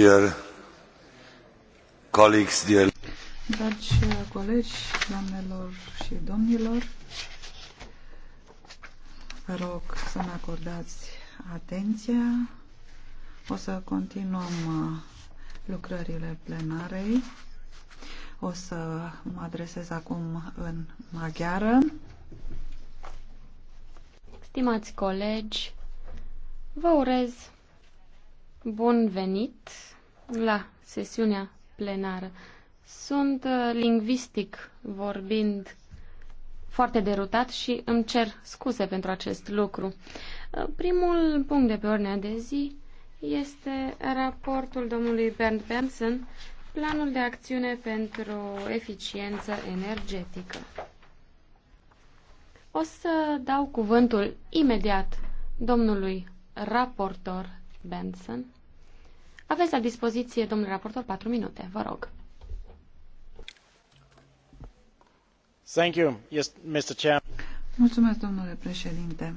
Dragi colegi, doamnelor și domnilor, vă rog să-mi acordați atenția. O să continuăm uh, lucrările plenarei. O să mă adresez acum în maghiară. Stimați colegi, vă urez Bun venit la sesiunea plenară. Sunt uh, lingvistic vorbind foarte derutat și îmi cer scuze pentru acest lucru. Uh, primul punct de pe ordinea de zi este raportul domnului Bernd Benson, planul de acțiune pentru eficiență energetică. O să dau cuvântul imediat domnului raportor Benson aveți la dispoziție, domnule raportor, patru minute. Vă rog. Thank you, yes, Mr. Chair. Mulțumesc, domnule președinte.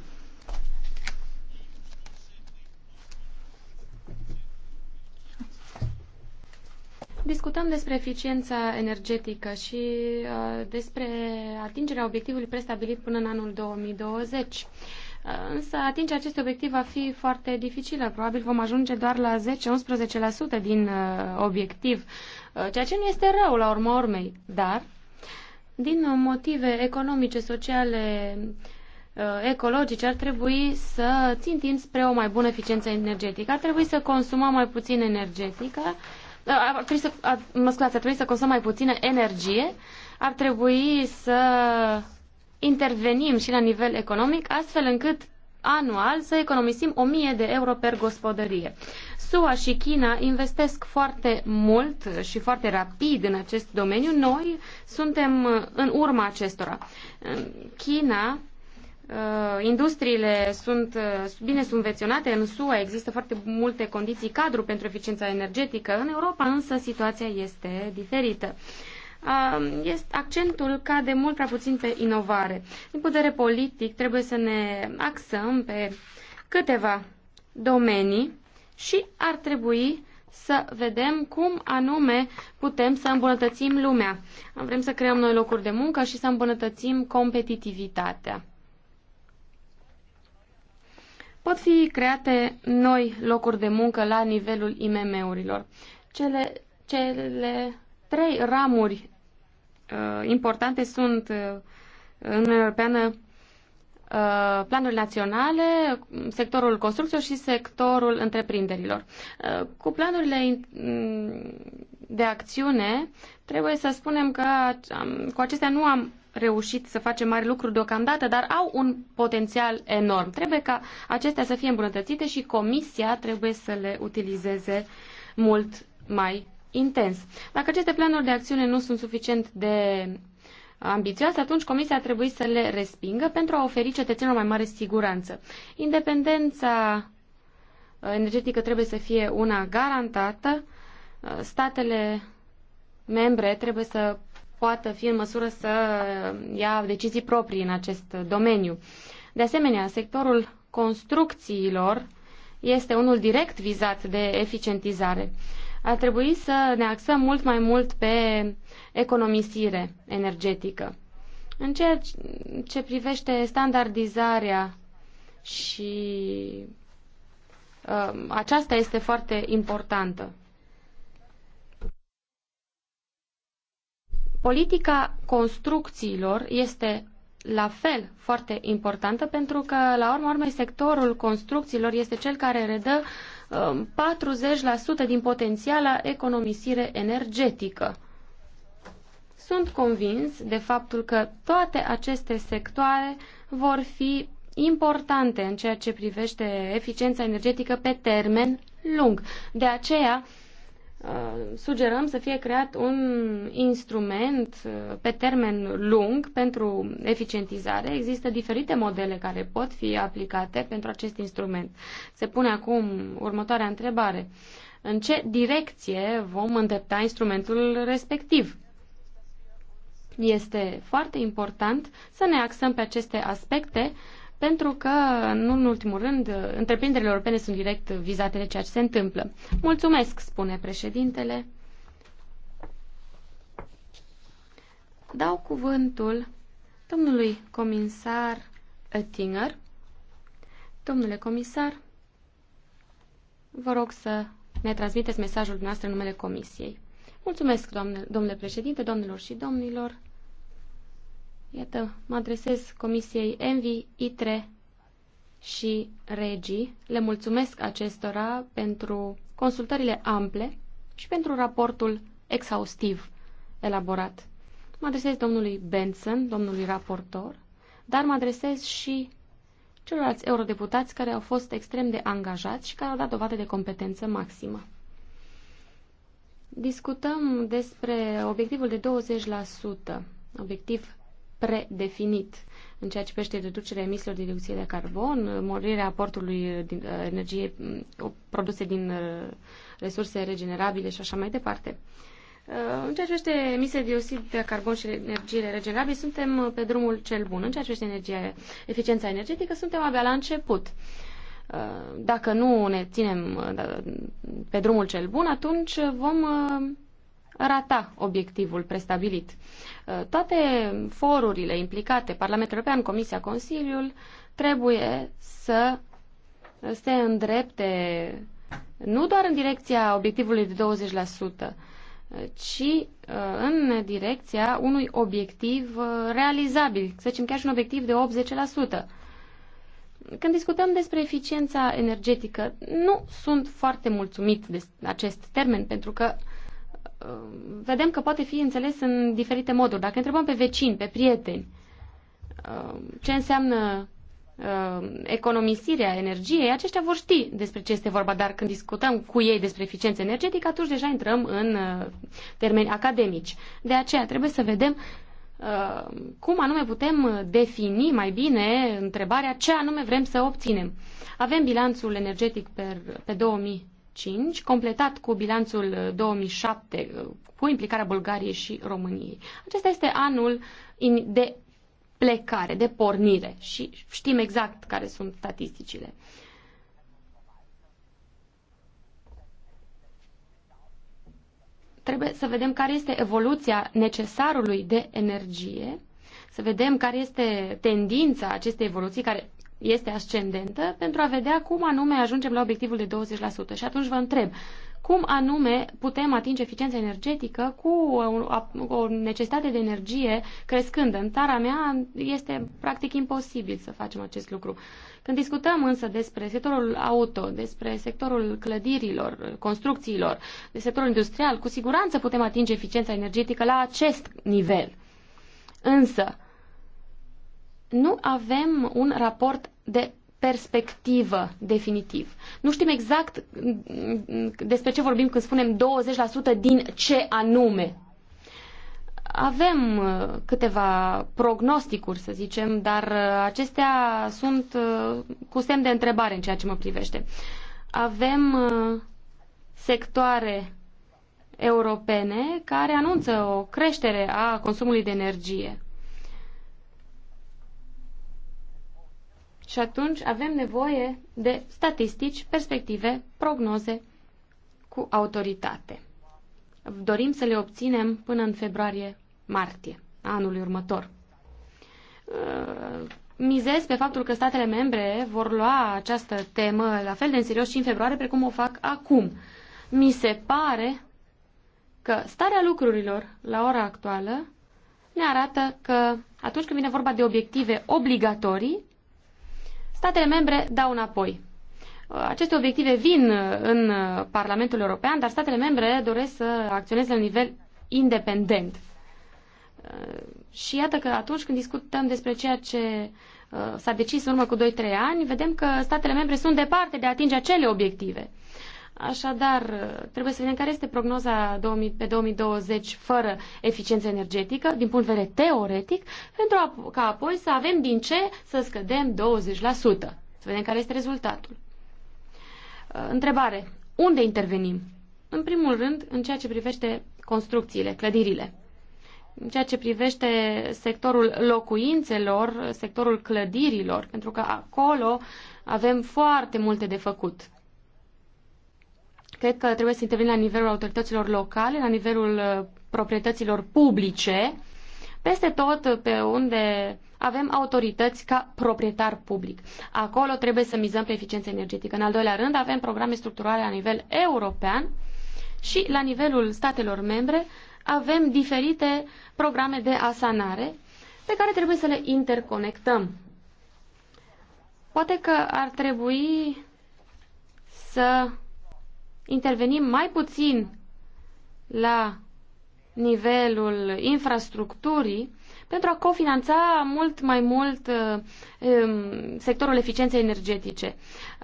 Discutăm despre eficiența energetică și uh, despre atingerea obiectivului prestabilit până în anul 2020. Uh, însă atinge acest obiectiv va fi foarte dificilă. Probabil vom ajunge doar la 10-11% din uh, obiectiv, uh, ceea ce nu este rău la urma urmei. Dar, din motive economice, sociale, ecologice, ar trebui să țintim spre o mai bună eficiență energetică. Ar trebui să consumăm mai puțin energetică, ar trebui să, mă scuzați, ar trebui să consumăm mai puțină energie, ar trebui să intervenim și la nivel economic, astfel încât anual să economisim 1000 de euro per gospodărie. SUA și China investesc foarte mult și foarte rapid în acest domeniu. Noi suntem în urma acestora. China uh, industriile sunt uh, bine subvenționate, în SUA există foarte multe condiții cadru pentru eficiența energetică, în Europa însă situația este diferită este accentul cade mult prea puțin pe inovare. Din putere politic trebuie să ne axăm pe câteva domenii și ar trebui să vedem cum anume putem să îmbunătățim lumea. Vrem să creăm noi locuri de muncă și să îmbunătățim competitivitatea. Pot fi create noi locuri de muncă la nivelul IMM-urilor. Cele, cele Trei ramuri uh, importante sunt uh, în Europeană uh, planuri naționale, sectorul construcțiilor și sectorul întreprinderilor. Uh, cu planurile mm, de acțiune, trebuie să spunem că um, cu acestea nu am reușit să facem mari lucruri deocamdată, dar au un potențial enorm. Trebuie ca acestea să fie îmbunătățite și comisia trebuie să le utilizeze mult mai intens. Dacă aceste planuri de acțiune nu sunt suficient de ambițioase, atunci Comisia a trebuit să le respingă pentru a oferi cetățenilor mai mare siguranță. Independența uh, energetică trebuie să fie una garantată. Uh, statele membre trebuie să poată fi în măsură să uh, ia decizii proprii în acest domeniu. De asemenea, sectorul construcțiilor este unul direct vizat de eficientizare. Ar trebui să ne axăm mult mai mult pe economisire energetică. În ceea ce privește standardizarea și uh, aceasta este foarte importantă. Politica construcțiilor este la fel foarte importantă pentru că, la urmă urmei, sectorul construcțiilor este cel care redă 40% um, din potențiala economisire energetică. Sunt convins de faptul că toate aceste sectoare vor fi importante în ceea ce privește eficiența energetică pe termen lung. De aceea, Uh, sugerăm să fie creat un instrument uh, pe termen lung pentru eficientizare. Există diferite modele care pot fi aplicate pentru acest instrument. Se pune acum următoarea întrebare. În ce direcție vom îndrepta instrumentul respectiv? Este foarte important să ne axăm pe aceste aspecte pentru că, nu în ultimul rând, întreprinderile europene sunt direct vizate de ceea ce se întâmplă. Mulțumesc, spune președintele. Dau cuvântul domnului comisar Oettinger. Domnule comisar, vă rog să ne transmiteți mesajul dumneavoastră în numele comisiei. Mulțumesc, domnule președinte, domnilor și domnilor. Iată, mă adresez Comisiei Envi, ITRE și Regii. Le mulțumesc acestora pentru consultările ample și pentru raportul exhaustiv elaborat. Mă adresez domnului Benson, domnului raportor, dar mă adresez și celorlalți eurodeputați care au fost extrem de angajați și care au dat dovadă de competență maximă. Discutăm despre obiectivul de 20%, obiectiv predefinit în ceea ce privește reducerea emisiilor de dioxid de carbon, morirea aportului uh, din uh, energie mm, produse din uh, resurse regenerabile și așa mai departe. În ceea ce privește emisiile de dioxid de carbon și energiile regenerabile, suntem pe drumul cel bun. În ceea ce privește energia, eficiența energetică, suntem abia la început. Dacă nu ne ținem pe drumul cel bun, atunci vom rata obiectivul prestabilit. Uh, toate forurile implicate, Parlamentul European, Comisia, Consiliul, trebuie să se îndrepte nu doar în direcția obiectivului de 20%, ci uh, în direcția unui obiectiv uh, realizabil, să zicem chiar și un obiectiv de 80%. Când discutăm despre eficiența energetică, nu sunt foarte mulțumit de acest termen, pentru că Uh, vedem că poate fi înțeles în diferite moduri. Dacă întrebăm pe vecini, pe prieteni, uh, ce înseamnă uh, economisirea energiei, aceștia vor ști despre ce este vorba, dar când discutăm cu ei despre eficiență energetică, atunci deja intrăm în termeni academici. De aceea trebuie să vedem cum anume putem defini mai bine întrebarea ce anume vrem să obținem. Avem bilanțul energetic pe, 2000 2005, completat cu bilanțul 2007, uh, uh, cu implicarea Bulgariei și României. Acesta este anul de plecare, de pornire și știm exact care sunt statisticile. Trebuie să vedem care este evoluția necesarului de energie, să vedem care este tendința acestei evoluții care este ascendentă pentru a vedea cum anume ajungem la obiectivul de 20%. Și atunci vă întreb, cum anume putem atinge eficiența energetică cu o, o necesitate de energie crescândă. În țara mea este practic imposibil să facem acest lucru. Când discutăm însă despre sectorul auto, despre sectorul clădirilor, construcțiilor, de sectorul industrial, cu siguranță putem atinge eficiența energetică la acest nivel. Însă, nu avem un raport de perspectivă definitiv. Nu știm exact despre ce vorbim când spunem 20% din ce anume. Avem uh, câteva prognosticuri, să zicem, dar uh, acestea sunt uh, cu semn de întrebare în ceea ce mă privește. Avem sectoare europene care anunță o creștere a consumului de energie. Și atunci avem nevoie de statistici, perspective, prognoze cu autoritate. Dorim să le obținem până în februarie-martie anului următor. Uh, mizez pe faptul că statele membre vor lua această temă la fel de în serios și în februarie, precum o fac acum. Mi se pare că starea lucrurilor la ora actuală ne arată că atunci când vine vorba de obiective obligatorii, statele membre dau înapoi. Aceste obiective vin uh, în uh, Parlamentul European, dar statele membre doresc să acționeze la nivel independent. Uh, și iată că atunci când discutăm despre ceea ce s-a decis în urmă cu 2-3 ani, vedem că statele membre sunt departe de a atinge acele obiective. Așadar, trebuie să vedem care este prognoza pe 2020 fără eficiență energetică, din punct de vedere teoretic, pentru a, ca apoi să avem din ce să scădem 20%. Să vedem care este rezultatul. Uh, întrebare. Unde intervenim? În primul rând, în ceea ce privește construcțiile, clădirile. În ceea ce privește sectorul locuințelor, sectorul clădirilor, pentru că acolo avem foarte multe de făcut Cred că trebuie să intervenim la nivelul autorităților locale, la nivelul uh, proprietăților publice, peste tot uh, pe unde avem autorități ca proprietar public. Acolo trebuie să mizăm pe eficiență energetică. În al doilea rând, avem programe structurale la nivel european și la nivelul statelor membre avem diferite programe de asanare pe care trebuie să le interconectăm. Poate că ar trebui să intervenim mai puțin la nivelul infrastructurii pentru a cofinanța mult mai mult uh, um, sectorul eficienței energetice.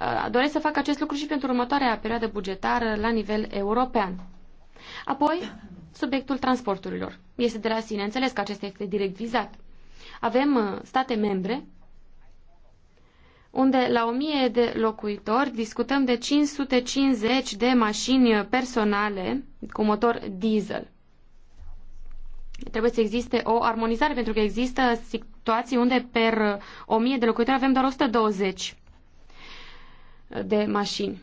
Uh, doresc să fac acest lucru și pentru următoarea perioadă bugetară la nivel european. Apoi, subiectul transporturilor. Este de la sine înțeles că acesta este direct vizat. Avem uh, state membre unde la 1000 de locuitori discutăm de 550 de mașini personale cu motor diesel. Trebuie să existe o armonizare pentru că există situații unde per 1000 de locuitori avem doar 120 de mașini.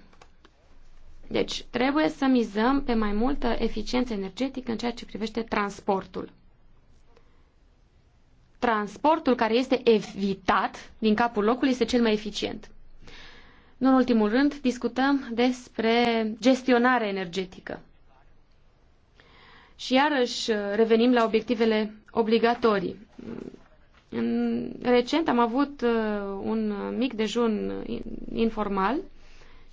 Deci trebuie să mizăm pe mai multă eficiență energetică în ceea ce privește transportul transportul care este evitat din capul locului este cel mai eficient. Nu în ultimul rând, discutăm despre gestionarea energetică. Și iarăși uh, revenim la obiectivele obligatorii. Mm, recent am avut uh, un mic dejun uh, informal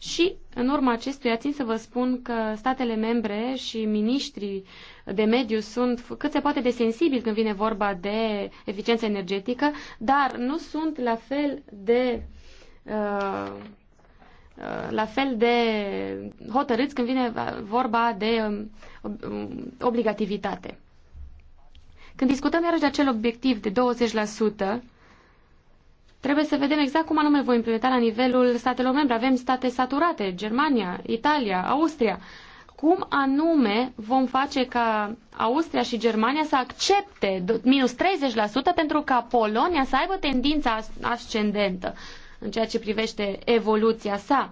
și, în urma acestuia, țin să vă spun că statele membre și miniștrii de mediu sunt cât se poate de sensibili când vine vorba de eficiență energetică, dar nu sunt la fel de. Uh, uh la fel de hotărâți când vine vorba de um, um, obligativitate. Când discutăm iarăși de acel obiectiv de Trebuie să vedem exact cum anume voi implementa la nivelul statelor membre. Avem state saturate, Germania, Italia, Austria. Cum anume vom face ca Austria și Germania să accepte minus 30% pentru ca Polonia să aibă tendința ascendentă în ceea ce privește evoluția sa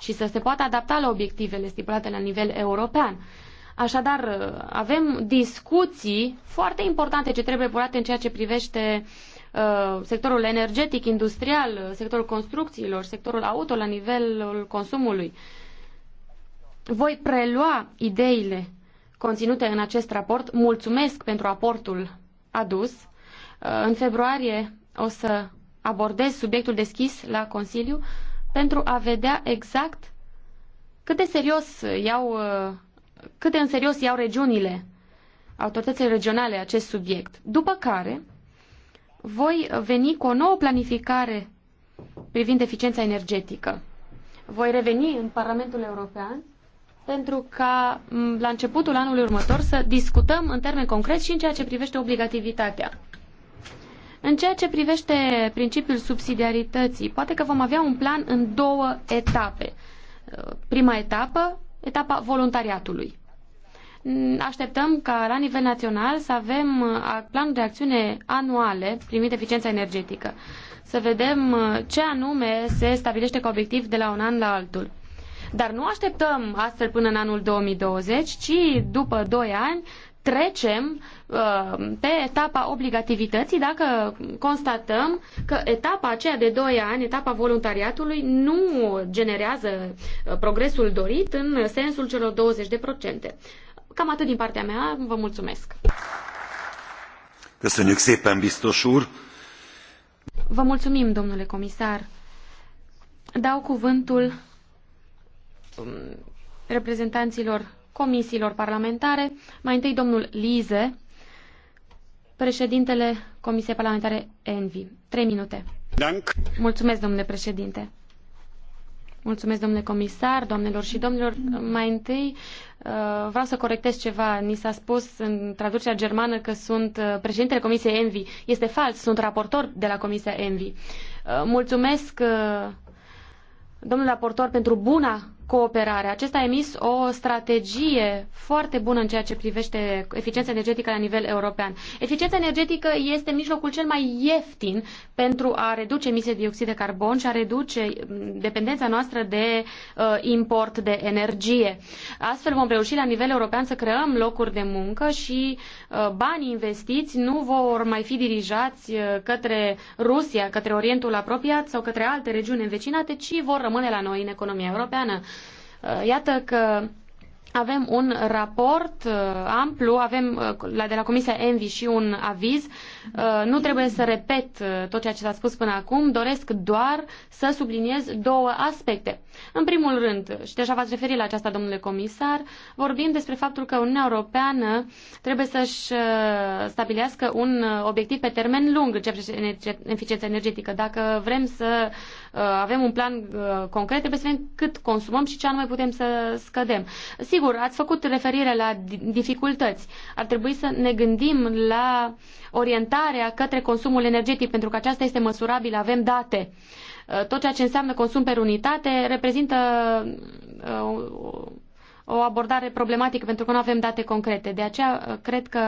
și să se poată adapta la obiectivele stipulate la nivel european. Așadar, avem discuții foarte importante ce trebuie purate în ceea ce privește uh, Uh, sectorul energetic, industrial, uh, sectorul construcțiilor, sectorul auto la nivelul consumului. Voi prelua ideile conținute în acest raport. Mulțumesc pentru aportul adus. Uh, în februarie o să abordez subiectul deschis la Consiliu pentru a vedea exact cât de serios iau, cât de în serios iau regiunile, autoritățile regionale acest subiect. După care, voi veni cu o nouă planificare privind eficiența energetică. Voi reveni în Parlamentul European pentru ca la începutul anului următor să discutăm în termeni concret și în ceea ce privește obligativitatea. În ceea ce privește principiul subsidiarității, poate că vom avea un plan în două etape. Prima etapă, etapa voluntariatului. Așteptăm ca la nivel național să avem uh, plan de acțiune anuale privind eficiența energetică. Să vedem uh, ce anume se stabilește ca obiectiv de la un an la altul. Dar nu așteptăm astfel până în anul 2020, ci după 2 ani trecem uh, pe etapa obligativității dacă constatăm că etapa aceea de 2 ani, etapa voluntariatului, nu generează uh, progresul dorit în sensul celor 20%. Cam atât din partea mea, vă mulțumesc. Köszönjük szépen, biztos úr. Vă mulțumim, domnule comisar. Dau cuvântul um, reprezentanților comisiilor parlamentare. Mai întâi domnul Lize, președintele Comisiei Parlamentare Envi. Trei minute. Mulțumesc, domnule președinte. Mulțumesc, domnule comisar, doamnelor și domnilor. Mai întâi uh, vreau să corectez ceva. Ni s-a spus în traducerea germană că sunt uh, președintele Comisiei Envi. Este fals, sunt raportor de la Comisia Envi. Uh, mulțumesc, domnule raportor, pentru buna cooperare. Acesta a emis o strategie foarte bună în ceea ce privește eficiența energetică la nivel european. Eficiența energetică este mijlocul cel mai ieftin pentru a reduce emisiile de dioxid de carbon și a reduce mm, dependența noastră de uh, import de energie. Astfel vom reuși la nivel european să creăm locuri de muncă și uh, banii investiți nu vor mai fi dirijați uh, către Rusia, către Orientul apropiat sau către alte regiuni învecinate, ci vor rămâne la noi în economia europeană. Uh, iată că avem un raport uh, amplu, avem uh, de la Comisia Envi și un aviz. Nu trebuie să repet tot ceea ce s-a spus până acum, doresc doar să subliniez două aspecte. În primul rând, și deja v-ați referit la aceasta, domnule comisar, vorbim despre faptul că Uniunea Europeană trebuie să-și stabilească un obiectiv pe termen lung în ceea ce energetică. Dacă vrem să Uh, avem un plan uh, concret, trebuie să vedem cât consumăm și ce anume putem să scădem. Sigur, ați făcut referire la dificultăți. Ar trebui să ne gândim la orientarea către consumul energetic, pentru că aceasta este măsurabilă, avem date uh, tot ceea ce înseamnă consum per unitate reprezintă o abordare problematică pentru că nu avem date concrete. De aceea cred că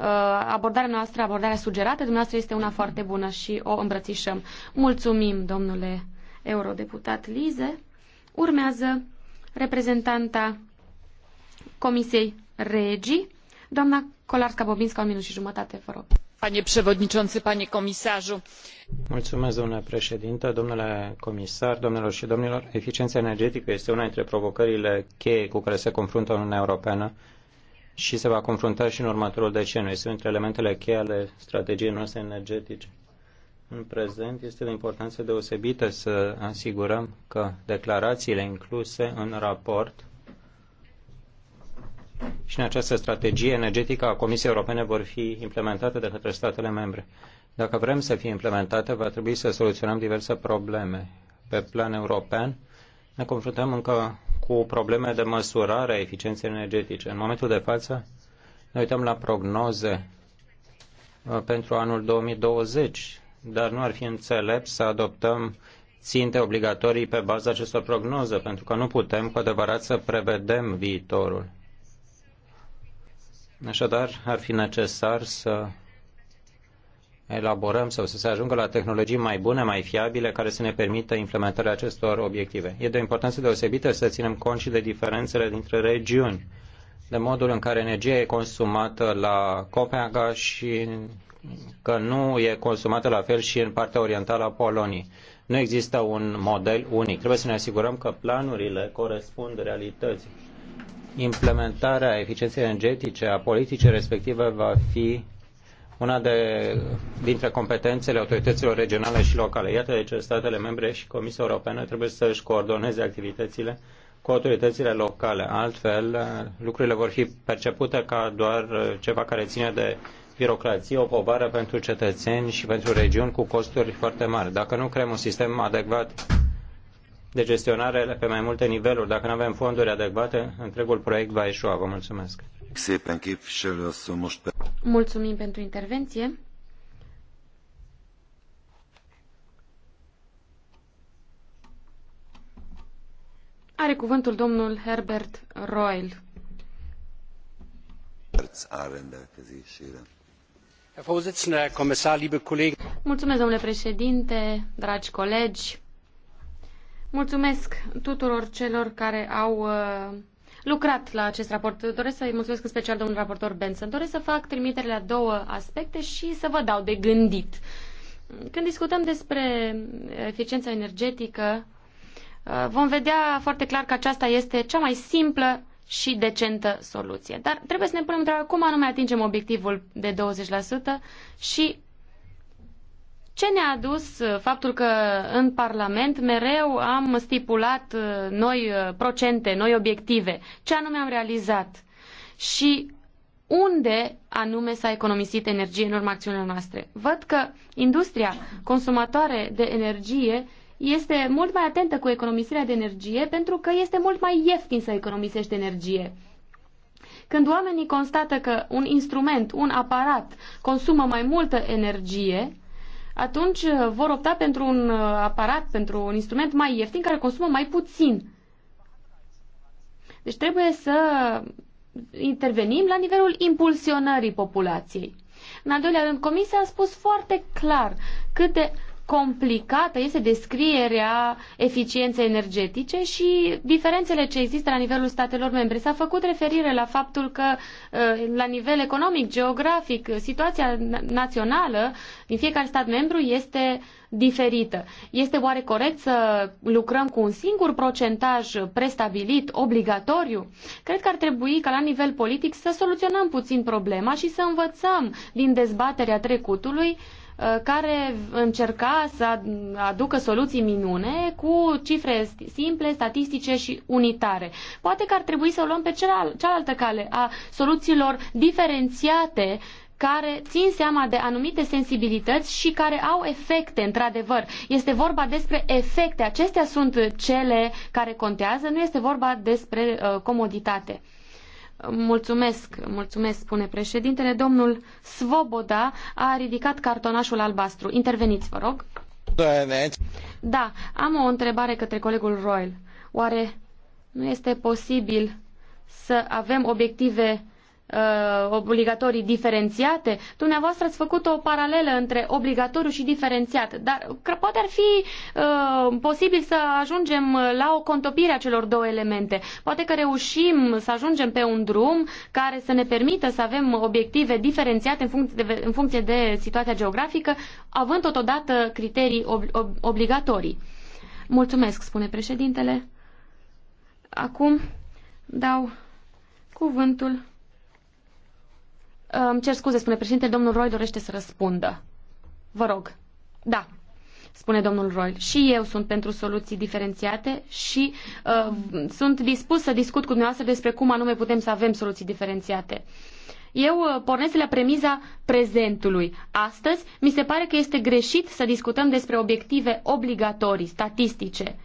Uh, abordarea noastră, abordarea sugerată dumneavoastră este una foarte bună și o îmbrățișăm. Mulțumim, domnule eurodeputat Lize. Urmează reprezentanta Comisiei Regii, doamna Colarska bobinska un minut și jumătate, vă rog. Panie przewodniczący, panie komisarzu. Mulțumesc, domnule președinte, domnule comisar, domnilor și domnilor. Eficiența energetică este una dintre provocările cheie cu care se confruntă Uniunea Europeană și se va confrunta și în următorul deceniu. Este între elementele cheie ale strategiei noastre energetice. În prezent este de importanță deosebită să asigurăm că declarațiile incluse în raport și în această strategie energetică a Comisiei Europene vor fi implementate de către statele membre. Dacă vrem să fie implementate, va trebui să soluționăm diverse probleme. Pe plan european ne confruntăm încă cu probleme de măsurare a eficienței energetice. În momentul de față, ne uităm la prognoze uh, pentru anul 2020, dar nu ar fi înțelept să adoptăm ținte obligatorii pe baza acestor prognoze, pentru că nu putem cu adevărat să prevedem viitorul. Așadar, ar fi necesar să elaborăm sau să se ajungă la tehnologii mai bune, mai fiabile, care să ne permită implementarea acestor obiective. E de o importanță deosebită să ținem cont și de diferențele dintre regiuni, de modul în care energia e consumată la Copenhaga și că nu e consumată la fel și în partea orientală a Poloniei. Nu există un model unic. Trebuie să ne asigurăm că planurile corespund realității. Implementarea eficienței energetice a politicii respective va fi una de, dintre competențele autorităților regionale și locale. Iată de ce statele membre și Comisia Europeană trebuie să își coordoneze activitățile cu autoritățile locale. Altfel, lucrurile vor fi percepute ca doar ceva care ține de birocrație, o povară pentru cetățeni și pentru regiuni cu costuri foarte mari. Dacă nu creăm un sistem adecvat de gestionare pe mai multe niveluri, dacă nu avem fonduri adecvate, întregul proiect va eșua. Vă mulțumesc. Mulțumim pentru intervenție. Are cuvântul domnul Herbert Royal. Mulțumesc, domnule președinte, dragi colegi. Mulțumesc tuturor celor care au uh, lucrat la acest raport. Doresc să-i mulțumesc în special domnul raportor Benson. Doresc să fac trimitere la două aspecte și să vă dau de gândit. Când discutăm despre eficiența energetică, vom vedea foarte clar că aceasta este cea mai simplă și decentă soluție. Dar trebuie să ne punem întrebarea cum anume atingem obiectivul de 20% și ce ne-a adus uh, faptul că în Parlament mereu am stipulat uh, noi uh, procente, noi obiective? Ce anume am realizat? Și unde anume s-a economisit energie în urma acțiunilor noastre? Văd că industria consumatoare de energie este mult mai atentă cu economisirea de energie pentru că este mult mai ieftin să economisești energie. Când oamenii constată că un instrument, un aparat consumă mai multă energie, atunci uh, vor opta pentru un uh, aparat, pentru un instrument mai ieftin care consumă mai puțin. Deci trebuie să intervenim la nivelul impulsionării populației. În al doilea rând, Comisia a spus foarte clar câte complicată este descrierea eficienței energetice și diferențele ce există la nivelul statelor membre. S-a făcut referire la faptul că uh, la nivel economic, geografic, situația națională din fiecare stat membru este diferită. Este oare corect să lucrăm cu un singur procentaj prestabilit, obligatoriu? Cred că ar trebui ca la nivel politic să soluționăm puțin problema și să învățăm din dezbaterea trecutului Uh, care încerca să aducă soluții minune cu cifre simple, statistice și unitare. Poate că ar trebui să o luăm pe cealaltă cale a soluțiilor diferențiate care țin seama de anumite sensibilități și care au efecte, într-adevăr. Este vorba despre efecte. Acestea sunt cele care contează, nu este vorba despre uh, comoditate. Mulțumesc, mulțumesc, spune președintele. Domnul Svoboda a ridicat cartonașul albastru. Interveniți, vă rog. Da, am o întrebare către colegul Royal. Oare nu este posibil să avem obiective uh, obligatorii diferențiate, dumneavoastră ați făcut o paralelă între obligatoriu și diferențiat, dar că poate ar fi uh, posibil să ajungem la o contopire a celor două elemente. Poate că reușim să ajungem pe un drum care să ne permită să avem obiective diferențiate în funcție de, în funcție de situația geografică, având totodată criterii ob, ob, obligatorii. Mulțumesc, spune președintele. Acum dau cuvântul îmi cer scuze, spune președinte, domnul Roy dorește să răspundă. Vă rog. Da, spune domnul Roy. Și eu sunt pentru soluții diferențiate și uh, sunt dispus să discut cu dumneavoastră despre cum anume putem să avem soluții diferențiate. Eu uh, pornesc la premiza prezentului. Astăzi, mi se pare că este greșit să discutăm despre obiective obligatorii, statistice. Uh,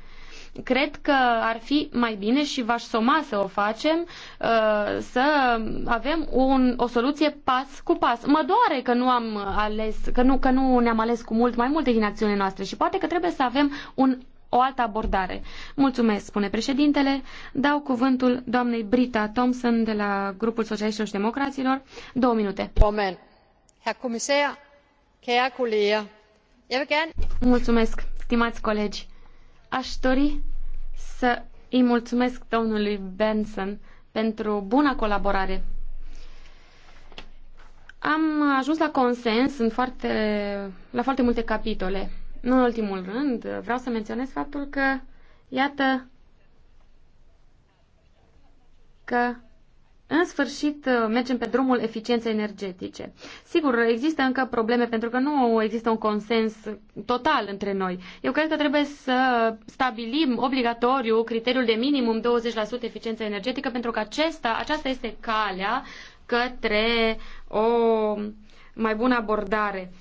Cred că ar fi mai bine și v-aș soma să o facem, uh, să avem un, o soluție pas cu pas. Mă doare că nu am ales, că nu, că nu ne-am ales cu mult mai multe din acțiunile noastre și poate că trebuie să avem un o altă abordare. Mulțumesc, spune președintele. Dau cuvântul doamnei Brita Thompson de la Grupul Socialiștilor și Democraților. Două minute. Moment. Herr Comisar, Mulțumesc, stimați colegi. Aș dori să îi mulțumesc domnului Benson pentru buna colaborare. Am ajuns la consens în foarte, la foarte multe capitole. Nu în ultimul rând, vreau să menționez faptul că, iată, că în sfârșit uh, mergem pe drumul eficienței energetice. Sigur, există încă probleme pentru că nu există un consens total între noi. Eu cred că trebuie să stabilim obligatoriu criteriul de minimum 20% eficiență energetică pentru că acesta, aceasta este calea către o mai bună abordare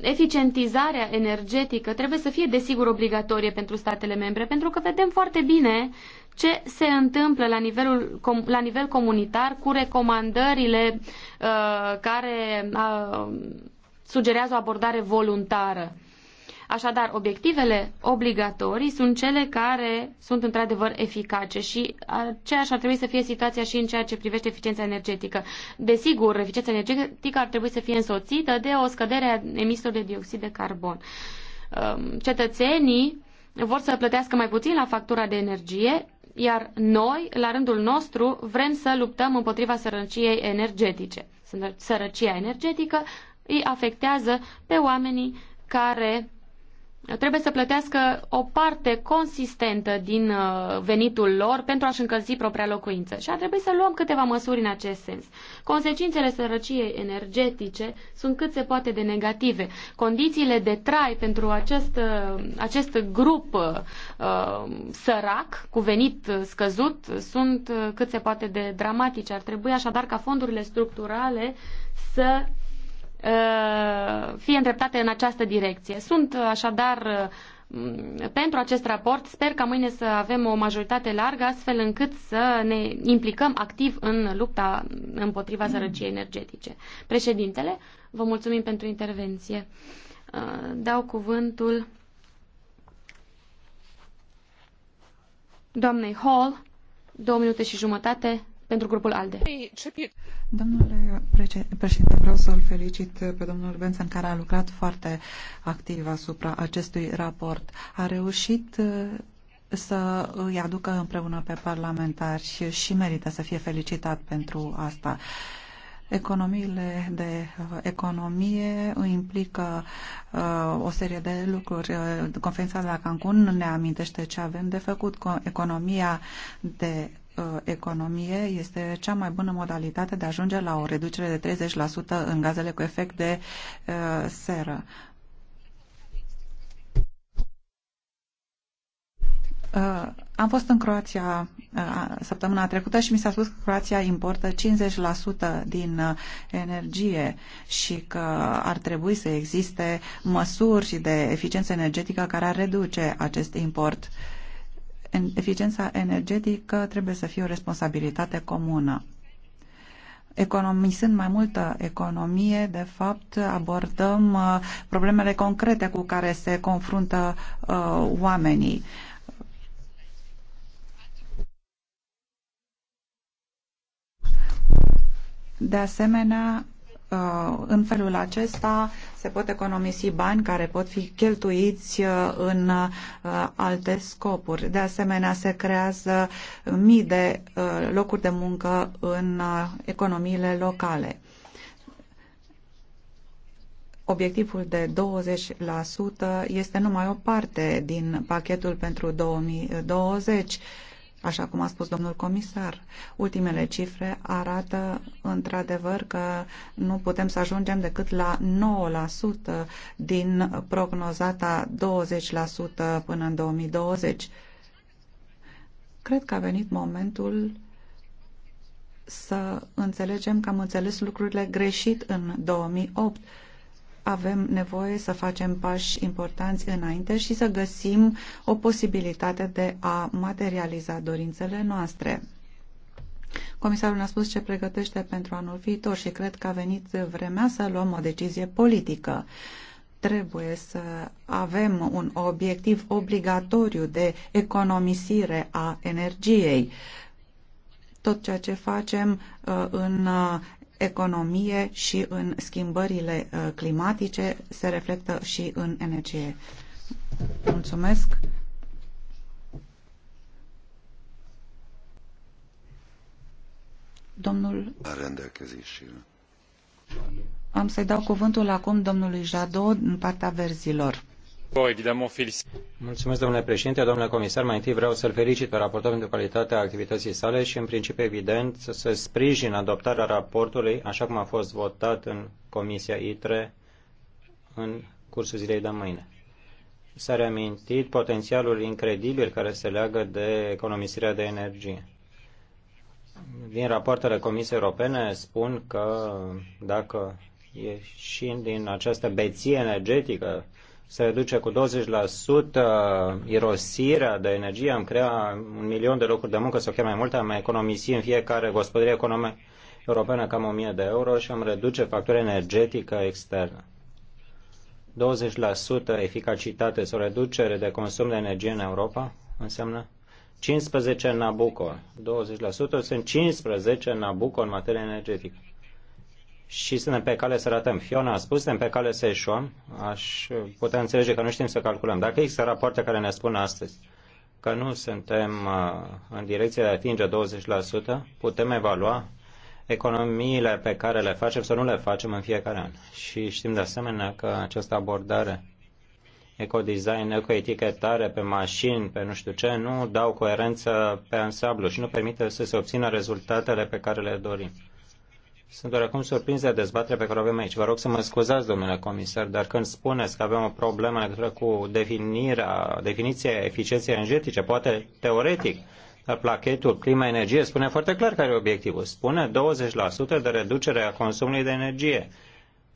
eficientizarea energetică trebuie să fie desigur obligatorie pentru statele membre, pentru că vedem foarte bine ce se întâmplă la, nivelul, la nivel comunitar cu recomandările uh, care uh, sugerează o abordare voluntară. Așadar, obiectivele obligatorii sunt cele care sunt într-adevăr eficace și aceeași ar trebui să fie situația și în ceea ce privește eficiența energetică. Desigur, eficiența energetică ar trebui să fie însoțită de o scădere a emisiilor de dioxid de carbon. Um, cetățenii vor să plătească mai puțin la factura de energie, iar noi, la rândul nostru, vrem să luptăm împotriva sărăciei energetice. Sărăcia energetică îi afectează pe oamenii care trebuie să plătească o parte consistentă din uh, venitul lor pentru a-și încălzi propria locuință. Și ar trebui să luăm câteva măsuri în acest sens. Consecințele sărăciei energetice sunt cât se poate de negative. Condițiile de trai pentru acest, uh, acest grup uh, sărac cu venit uh, scăzut sunt cât se poate de dramatice. Ar trebui așadar ca fondurile structurale să Uh, fie îndreptate în această direcție. Sunt uh, așadar uh, pentru acest raport. Sper ca mâine să avem o majoritate largă, astfel încât să ne implicăm activ în lupta împotriva sărăciei energetice. Președintele, vă mulțumim pentru intervenție. Dau cuvântul doamnei Hall, două minute și jumătate, pentru grupul ALDE. Domnule președinte, vreau să-l felicit pe domnul Benson, care a lucrat foarte activ asupra acestui raport. A reușit uh, să îi aducă împreună pe parlamentari și, și merită să fie felicitat pentru asta. Economiile de uh, economie implică uh, o serie de lucruri. Uh, Conferința de la Cancun ne amintește ce avem de făcut. Economia de Uh, economie este cea mai bună modalitate de a ajunge la o reducere de 30% în gazele cu efect de uh, seră. Uh, am fost în Croația săptămâna trecută și mi s-a spus că Croația importă 50% din energie și că ar trebui să existe măsuri de eficiență energetică care ar reduce acest import. Uh, eficiența energetică trebuie să fie o responsabilitate comună. Economisind mai multă economie, de fapt, abordăm uh, problemele concrete cu care se confruntă uh, oamenii. De asemenea, Uh, în felul acesta se pot economisi bani care pot fi cheltuiți uh, în uh, alte scopuri. De asemenea, se creează mii de locuri de muncă în economiile locale. Obiectivul de 20% este numai o parte din pachetul pentru 2020 așa cum a spus domnul comisar. Ultimele cifre arată într-adevăr că nu putem să ajungem decât la 9% din prognozata 20% până în 2020. Cred că a venit momentul să înțelegem că am înțeles lucrurile greșit în 2008 avem nevoie să facem pași importanți înainte și să găsim o posibilitate de a materializa dorințele noastre. Comisarul ne-a spus ce pregătește pentru anul viitor și cred că a venit vremea să luăm o decizie politică. Trebuie să avem un obiectiv obligatoriu de economisire a energiei. Tot ceea ce facem uh, în uh, economie și în schimbările uh, climatice se reflectă și în energie. Mulțumesc! Domnul... Am să-i dau cuvântul acum domnului Jadot în partea verzilor. Mulțumesc, președinte, comisar. Mai întâi vreau să-l felicit pe raportor pentru calitatea activității sale și, în principiu, evident, să sprijin adoptarea raportului, așa cum a fost votat în Comisia ITRE în cursul zilei de mâine. S-a reamintit potențialul incredibil care se leagă de economisirea de energie. Din rapoartele Comisiei Europene spun că dacă ieșind din această beție energetică, se reduce cu 20% uh, irosirea de energie, am crea un milion de locuri de muncă sau chiar mai multe, am economisi în fiecare gospodărie economică europeană cam 1000 de euro și am reduce factura energetică externă. 20% eficacitate sau reducere de consum de energie în Europa înseamnă 15 Nabucco. 20% sunt 15 Nabucco în materie energetică și suntem pe cale să ratăm. Fiona a spus, suntem pe cale să eșuăm, aș putea înțelege că nu știm să calculăm. Dacă există rapoarte care ne spun astăzi că nu suntem uh, în direcția de a atinge 20%, putem evalua economiile pe care le facem sau nu le facem în fiecare an. Și știm de asemenea că această abordare ecodesign, ecoetichetare pe mașini, pe nu știu ce, nu dau coerență pe ansamblu și nu permite să se obțină rezultatele pe care le dorim sunt oricum surprins de dezbaterea pe care o avem aici. Vă rog să mă scuzați, domnule comisar, dar când spuneți că avem o problemă în legătură cu definirea, definiția eficienței energetice, poate teoretic, dar plachetul clima-energie spune foarte clar care e obiectivul. Spune 20% de reducere a consumului de energie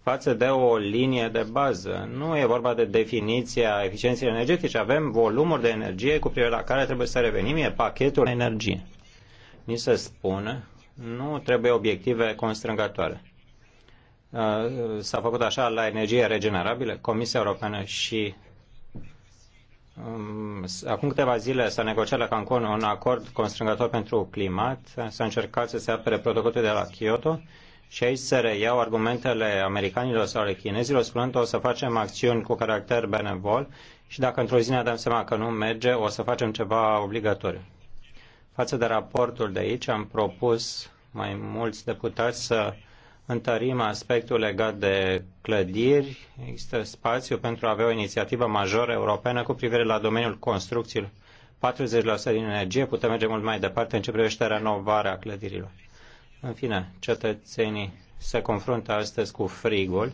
față de o linie de bază. Nu e vorba de definiția eficienței energetice. Avem volumuri de energie cu privire la care trebuie să revenim. E pachetul energie. Ni se spune nu trebuie obiective constrângătoare. Uh, s-a făcut așa la energie regenerabilă, Comisia Europeană și um, Acum câteva zile s-a negociat la Cancun un acord constrângător pentru climat, s-a încercat să se apere protocolul de la Kyoto și aici se reiau argumentele americanilor sau ale chinezilor spunând că o să facem acțiuni cu caracter benevol și dacă într-o zi ne dăm seama că nu merge, o să facem ceva obligatoriu. Față de raportul de aici, am propus mai mulți deputați să întărim aspectul legat de clădiri. Există spațiu pentru a avea o inițiativă majoră europeană cu privire la domeniul construcțiilor. 40% din energie, putem merge mult mai departe în ce privește renovarea clădirilor. În fine, cetățenii se confruntă astăzi cu frigul,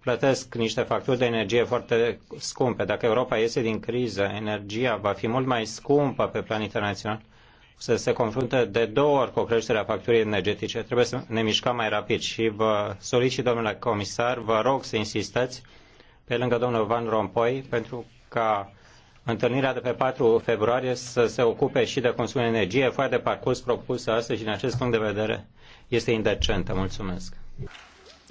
plătesc niște facturi de energie foarte scumpe. Dacă Europa iese din criză, energia va fi mult mai scumpă pe plan internațional să se confrunte de două ori cu o creștere a facturii energetice. Trebuie să ne mișcăm mai rapid și vă solicit, domnule comisar, vă rog să insistați pe lângă domnul Van Rompuy pentru ca întâlnirea de pe 4 februarie să se ocupe și de consumul de energie. Foaia de parcurs propusă astăzi și din acest punct de vedere este indecentă. Mulțumesc.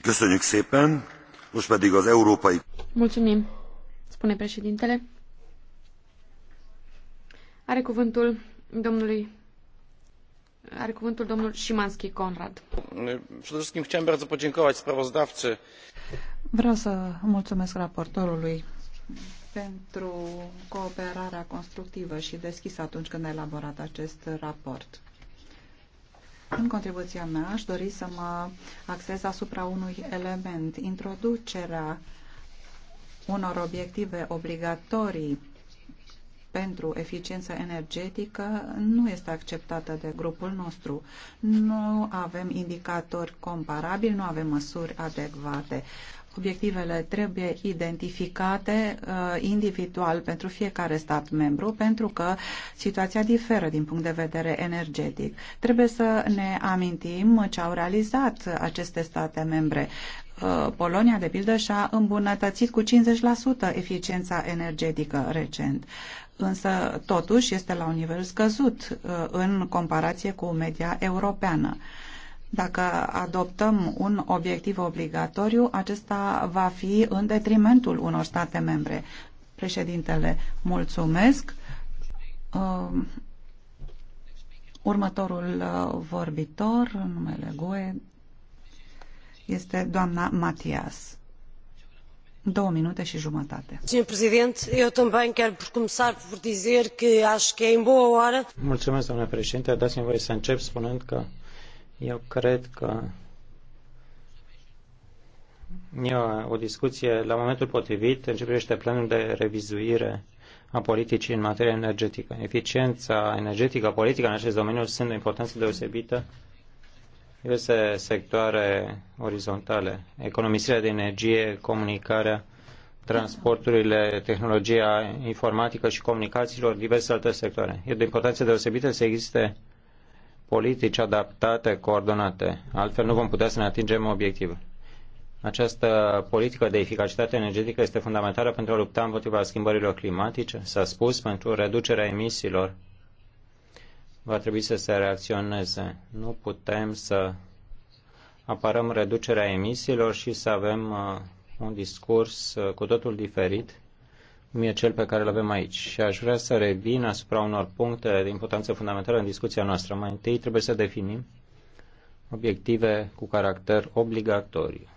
Köszönjük szépen. Most pedig az európai... Mulțumim, spune președintele. Are cuvântul domnului domnul Conrad. Przede wszystkim chciałem bardzo podziękować sprawozdawcy. Vreau să mulțumesc raportorului pentru cooperarea constructivă și deschisă atunci când a elaborat acest raport. În contribuția mea aș dori să mă axez asupra unui element, introducerea unor obiective obligatorii pentru eficiență energetică nu este acceptată de grupul nostru. Nu avem indicatori comparabili, nu avem măsuri adecvate. Obiectivele trebuie identificate uh, individual pentru fiecare stat membru, pentru că situația diferă din punct de vedere energetic. Trebuie să ne amintim ce au realizat aceste state membre. Uh, Polonia, de pildă, și-a îmbunătățit cu 50% eficiența energetică recent însă totuși este la un nivel scăzut uh, în comparație cu media europeană. Dacă adoptăm un obiectiv obligatoriu, acesta va fi în detrimentul unor state membre. Președintele, mulțumesc. Uh, următorul uh, vorbitor, numele GUE, este doamna Matias. Două minute și jumătate. eu também quero por começar por dizer que acho que é em boa hora. Mulțumesc, domnule președinte. Dați-mi voie să încep spunând că eu cred că e o discuție la momentul potrivit în ce privește planul de revizuire a politicii în materie energetică. Eficiența energetică, politică în acest domeniu sunt de importanță deosebită diverse sectoare orizontale, economisirea de energie, comunicarea, transporturile, tehnologia informatică și comunicațiilor, diverse alte sectoare. E de importanță deosebită să existe politici adaptate, coordonate. Altfel nu vom putea să ne atingem obiectivul. Această politică de eficacitate energetică este fundamentală pentru a lupta împotriva schimbărilor climatice, s-a spus, pentru reducerea emisiilor va trebui să se reacționeze. Nu putem să apărăm reducerea emisiilor și să avem uh, un discurs uh, cu totul diferit cum e cel pe care îl avem aici. Și aș vrea să revin asupra unor puncte de importanță fundamentală în discuția noastră. Mai întâi trebuie să definim obiective cu caracter obligatoriu.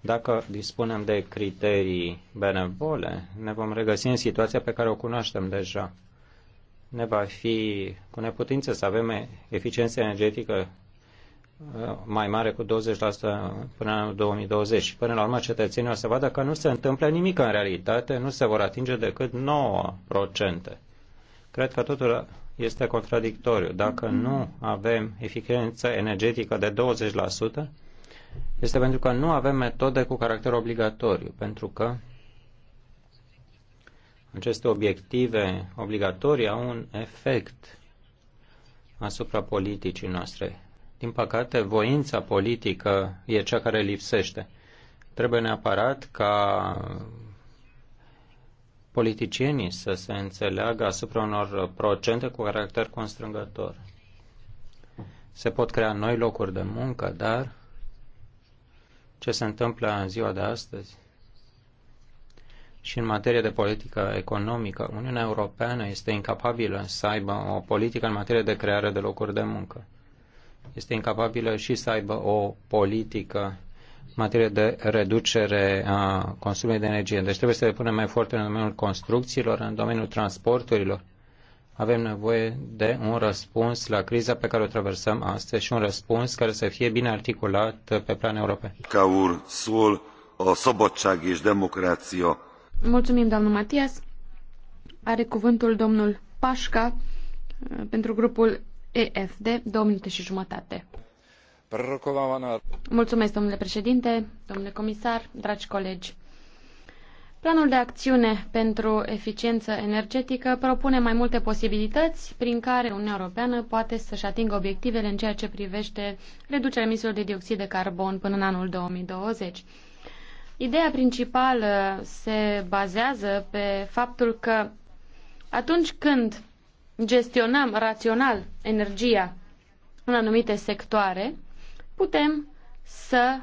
Dacă dispunem de criterii benevole, ne vom regăsi în situația pe care o cunoaștem deja – ne va fi cu neputință să avem eficiență energetică uh, mai mare cu 20% până în 2020 și până la urmă cetățenii o să vadă că nu se întâmplă nimic în realitate, nu se vor atinge decât 9%. Cred că totul este contradictoriu. Dacă nu avem eficiență energetică de 20%, este pentru că nu avem metode cu caracter obligatoriu, pentru că aceste obiective obligatorii au un efect asupra politicii noastre. Din păcate, voința politică e cea care lipsește. Trebuie neapărat ca politicienii să se înțeleagă asupra unor procente cu caracter constrângător. Se pot crea noi locuri de muncă, dar ce se întâmplă în ziua de astăzi și în materie de politică economică. Uniunea Europeană este incapabilă să aibă o politică în materie de creare de locuri de muncă. Este incapabilă și să aibă o politică în materie de reducere a consumului de energie. Deci trebuie să depunem foarte în domeniul construcțiilor, în domeniul transporturilor. Avem nevoie de un răspuns la criza pe care o traversăm astăzi și un răspuns care să fie bine articulat pe plan european. Caur, sol, o sobotság Mulțumim, doamnă Matias. Are cuvântul domnul Pașca uh, pentru grupul EFD, două minute și jumătate. Mulțumesc, domnule președinte, domnule comisar, dragi colegi. Planul de acțiune pentru eficiență energetică propune mai multe posibilități prin care Uniunea Europeană poate să-și atingă obiectivele în ceea ce privește reducerea emisiilor de dioxid de carbon până în anul 2020. Ideea principală se bazează pe faptul că atunci când gestionăm rațional energia în anumite sectoare, putem să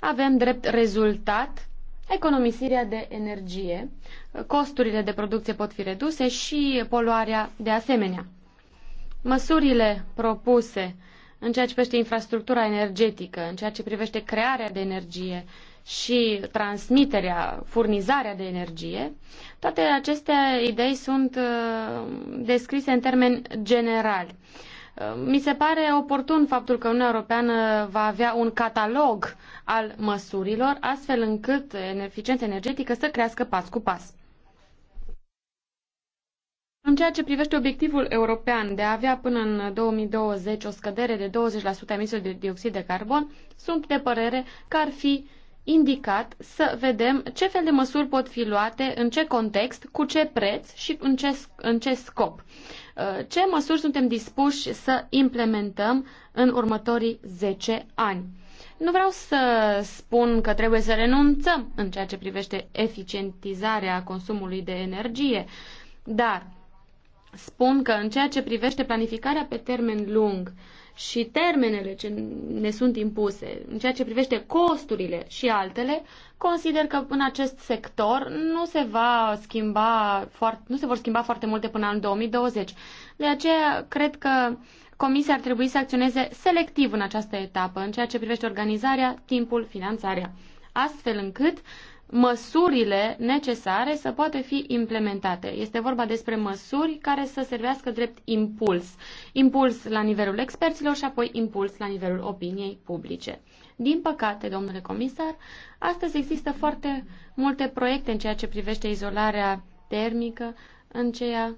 avem drept rezultat economisirea de energie, costurile de producție pot fi reduse și poluarea de asemenea. Măsurile propuse în ceea ce privește infrastructura energetică, în ceea ce privește crearea de energie și transmiterea, furnizarea de energie, toate aceste idei sunt uh, descrise în termeni generali. Uh, mi se pare oportun faptul că Uniunea Europeană va avea un catalog al măsurilor, astfel încât eficiența energetică să crească pas cu pas. În ceea ce privește obiectivul european de a avea până în 2020 o scădere de 20% a emisiilor de dioxid de carbon, sunt de părere că ar fi indicat să vedem ce fel de măsuri pot fi luate, în ce context, cu ce preț și în ce, în ce scop. Uh, ce măsuri suntem dispuși să implementăm în următorii 10 ani. Nu vreau să spun că trebuie să renunțăm în ceea ce privește eficientizarea consumului de energie, dar spun că în ceea ce privește planificarea pe termen lung, uh, și termenele ce ne sunt impuse, în ceea ce privește costurile și altele, consider că în acest sector nu se va schimba foarte, nu se vor schimba foarte multe până în 2020. De aceea cred că Comisia ar trebui să acționeze selectiv în această etapă, în ceea ce privește organizarea, timpul, finanțarea, astfel încât măsurile necesare să poată fi implementate. Este vorba despre măsuri care să servească drept impuls. Impuls la nivelul experților și apoi impuls la nivelul opiniei publice. Din păcate, domnule comisar, astăzi există foarte multe proiecte în ceea ce privește izolarea termică, în ceea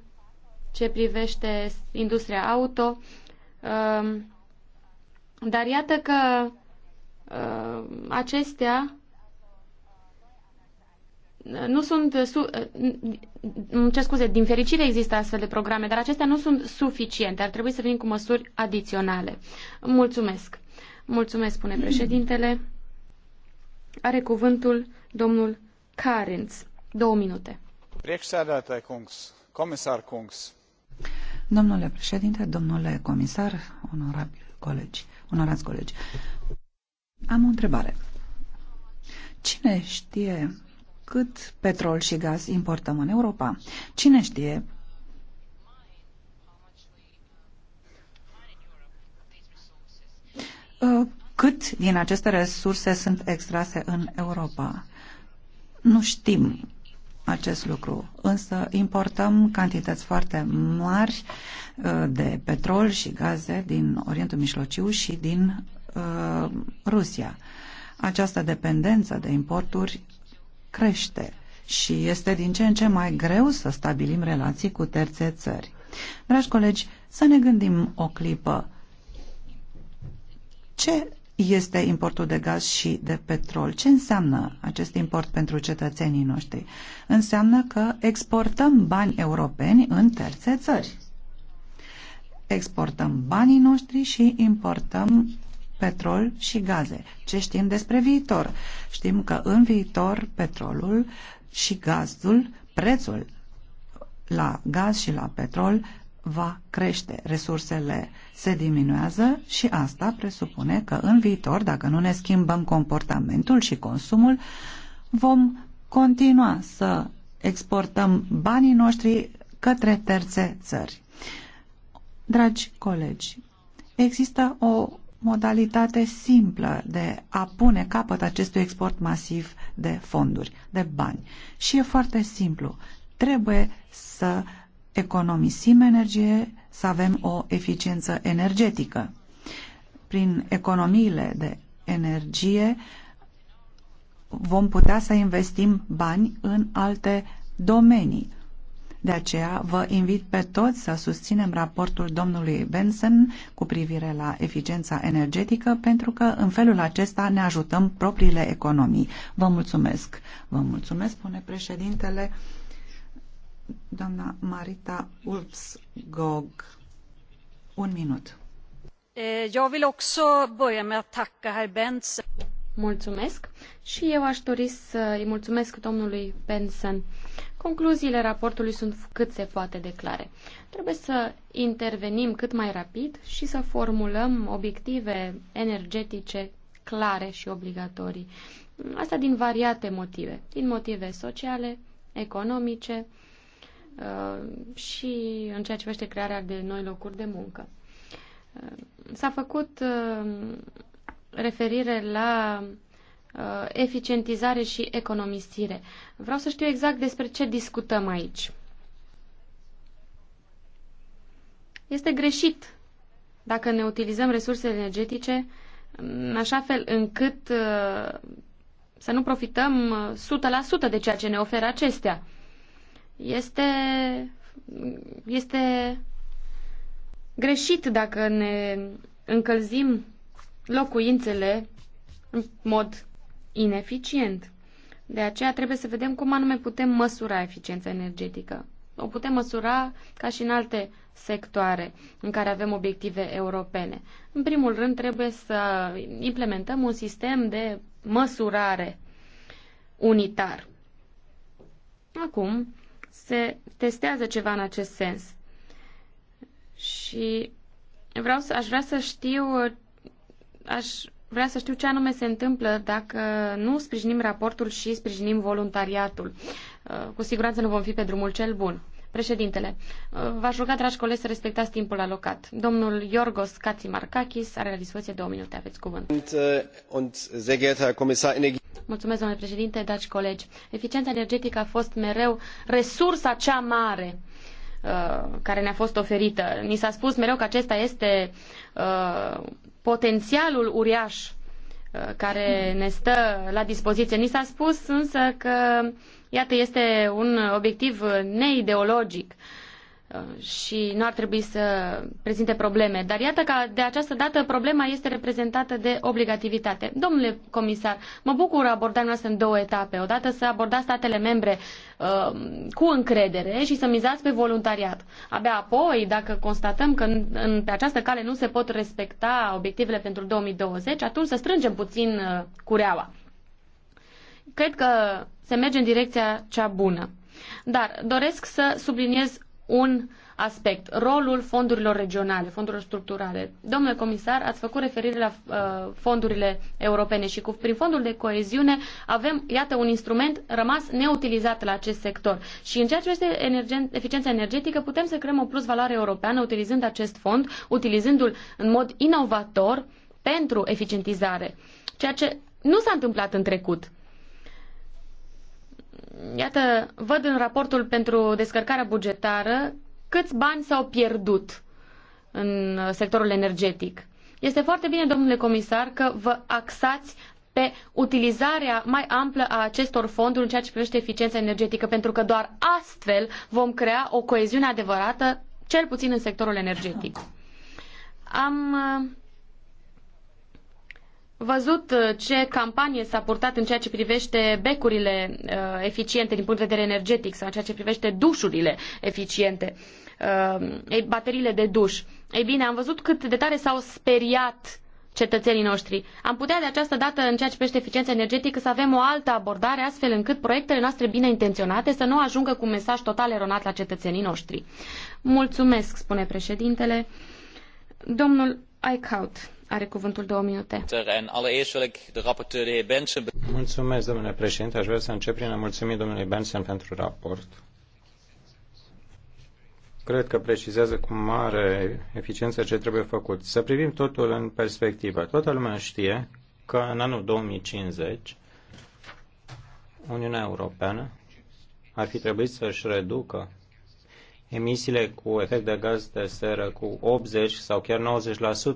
ce privește industria auto, um, dar iată că uh, acestea nu sunt, su, ce scuze, din fericire există astfel de programe, dar acestea nu sunt suficiente. Ar trebui să venim cu măsuri adiționale. Mulțumesc. Mulțumesc, spune președintele. Are cuvântul domnul Carenț. Două minute. comisar Kungs. Domnule președinte, domnule comisar, onorabil colegi, onorați colegi, am o întrebare. Cine știe cât petrol și gaz importăm în Europa. Cine știe uh, cât din aceste resurse sunt extrase în Europa. Nu știm acest lucru, însă importăm cantități foarte mari uh, de petrol și gaze din Orientul Mijlociu și din uh, Rusia. Această dependență de importuri crește și este din ce în ce mai greu să stabilim relații cu terțe țări. Dragi colegi, să ne gândim o clipă. Ce este importul de gaz și de petrol. Ce înseamnă acest import pentru cetățenii noștri? Înseamnă că exportăm bani europeni în terțe țări. Exportăm banii noștri și importăm petrol și gaze. Ce știm despre viitor? Știm că în viitor petrolul și gazul, prețul la gaz și la petrol va crește. Resursele se diminuează și asta presupune că în viitor, dacă nu ne schimbăm comportamentul și consumul, vom continua să exportăm banii noștri către terțe țări. Dragi colegi, există o modalitate simplă de a pune capăt acestui export masiv de fonduri, de bani. Și e foarte simplu. Trebuie să economisim energie, să avem o eficiență energetică. Prin economiile de energie vom putea să investim bani în alte domenii. De aceea vă invit pe toți să susținem raportul domnului Benson cu privire la eficiența energetică pentru că în felul acesta ne ajutăm propriile economii. Vă mulțumesc. Vă mulțumesc, spune președintele doamna Marita Gog. Un minut. Eu vreau să börja med att Benson. Mulțumesc și eu aș dori să îi mulțumesc domnului Benson. Concluziile raportului sunt cât se poate de clare. Trebuie să intervenim cât mai rapid și să formulăm obiective energetice clare și obligatorii. Asta din variate motive. Din motive sociale, economice uh, și în ceea ce privește crearea de noi locuri de muncă. Uh, s-a făcut uh, referire la Uh, eficientizare și economisire. Vreau să știu exact despre ce discutăm aici. Este greșit dacă ne utilizăm resursele energetice în așa fel încât uh, să nu profităm uh, 100% de ceea ce ne oferă acestea. Este, este greșit dacă ne încălzim locuințele în mod ineficient. De aceea trebuie să vedem cum anume putem măsura eficiența energetică. O putem măsura ca și în alte sectoare în care avem obiective europene. În primul rând, trebuie să implementăm un sistem de măsurare unitar. Acum se testează ceva în acest sens. Și vreau să, aș vrea să știu, aș vrea să știu ce anume se întâmplă dacă nu sprijinim raportul și sprijinim voluntariatul. Uh, cu siguranță nu vom fi pe drumul cel bun. Președintele, uh, v-aș ruga, dragi colegi, să respectați timpul alocat. Domnul Iorgos Katsimarkakis are la dispoziție două minute. Aveți cuvânt. Uh, Mulțumesc, domnule președinte, dragi colegi. Eficiența energetică a fost mereu resursa cea mare care ne-a fost oferită. Ni s-a spus mereu că acesta este uh, potențialul uriaș uh, care ne stă la dispoziție. Ni s-a spus însă că, iată, este un obiectiv neideologic. Uh, Uh, și nu ar trebui să prezinte probleme. Dar iată că de această dată problema este reprezentată de obligativitate. Domnule comisar, mă bucur abordarea noastră în două etape. Odată să abordați statele membre uh, cu încredere și să mizați pe voluntariat. Abia apoi, dacă constatăm că în, în, pe această cale nu se pot respecta obiectivele pentru 2020, atunci să strângem puțin uh, cureaua. Cred că se merge în direcția cea bună. Dar doresc să subliniez un aspect, rolul fondurilor regionale, fondurilor structurale. Domnule comisar, ați făcut referire la uh, fondurile europene și cu, prin fondul de coeziune avem, iată, un instrument rămas neutilizat la acest sector. Și în ceea ce este energen, eficiența energetică, putem să creăm o plus valoare europeană utilizând acest fond, utilizându-l în mod inovator pentru eficientizare, ceea ce nu s-a întâmplat în trecut iată, văd în raportul pentru descărcarea bugetară câți bani s-au pierdut în sectorul energetic. Este foarte bine, domnule comisar, că vă axați pe utilizarea mai amplă a acestor fonduri în ceea ce privește eficiența energetică, pentru că doar astfel vom crea o coeziune adevărată, cel puțin în sectorul energetic. Am văzut uh, ce campanie s-a purtat în ceea ce privește becurile uh, eficiente din punct de vedere energetic sau în ceea ce privește dușurile eficiente, uh, bateriile de duș. Ei bine, am văzut cât de tare s-au speriat cetățenii noștri. Am putea de această dată, în ceea ce privește eficiența energetică, să avem o altă abordare, astfel încât proiectele noastre bine intenționate să nu ajungă cu un mesaj total eronat la cetățenii noștri. Mulțumesc, spune președintele. Domnul Eichhout are cuvântul două minute. Mulțumesc, domnule președinte. Aș vrea să încep prin a mulțumi domnului Benson pentru raport. Cred că precizează cu mare eficiență ce trebuie făcut. Să privim totul în perspectivă. Toată lumea știe că în anul 2050 Uniunea Europeană ar fi trebuit să-și reducă emisiile cu efect de gaz de seră cu 80 sau chiar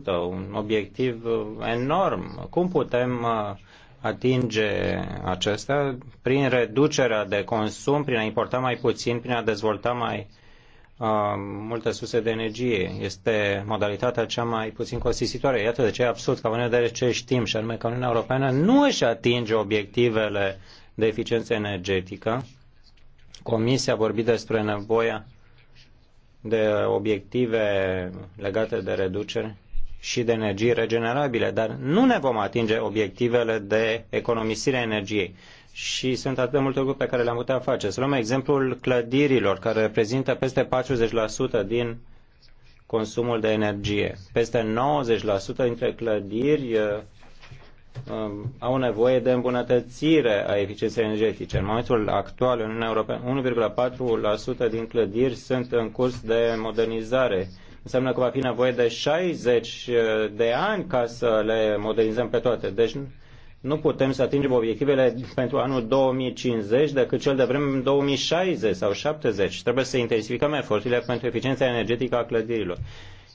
90%, un obiectiv uh, enorm. Cum putem uh, atinge acestea? Prin reducerea de consum, prin a importa mai puțin, prin a dezvolta mai uh, multe surse de energie. Este modalitatea cea mai puțin costisitoare. Iată de ce e absurd ca avem de ce știm și anume că Uniunea Europeană nu își atinge obiectivele de eficiență energetică. Comisia a vorbit despre nevoia de obiective legate de reducere și de energii regenerabile, dar nu ne vom atinge obiectivele de economisire a energiei. Și sunt atât de multe lucruri pe care le-am putea face. Să luăm exemplul clădirilor, care reprezintă peste 40% din consumul de energie. Peste 90% dintre clădiri Um, au nevoie de îmbunătățire a eficienței energetice. În momentul actual, în Uniunea Europeană, 1,4% din clădiri sunt în curs de modernizare. Înseamnă că va fi nevoie de 60 uh, de ani ca să le modernizăm pe toate. Deci nu putem să atingem obiectivele pentru anul 2050 decât cel de vreme 2060 sau 70. Trebuie să intensificăm eforturile pentru eficiența energetică a clădirilor.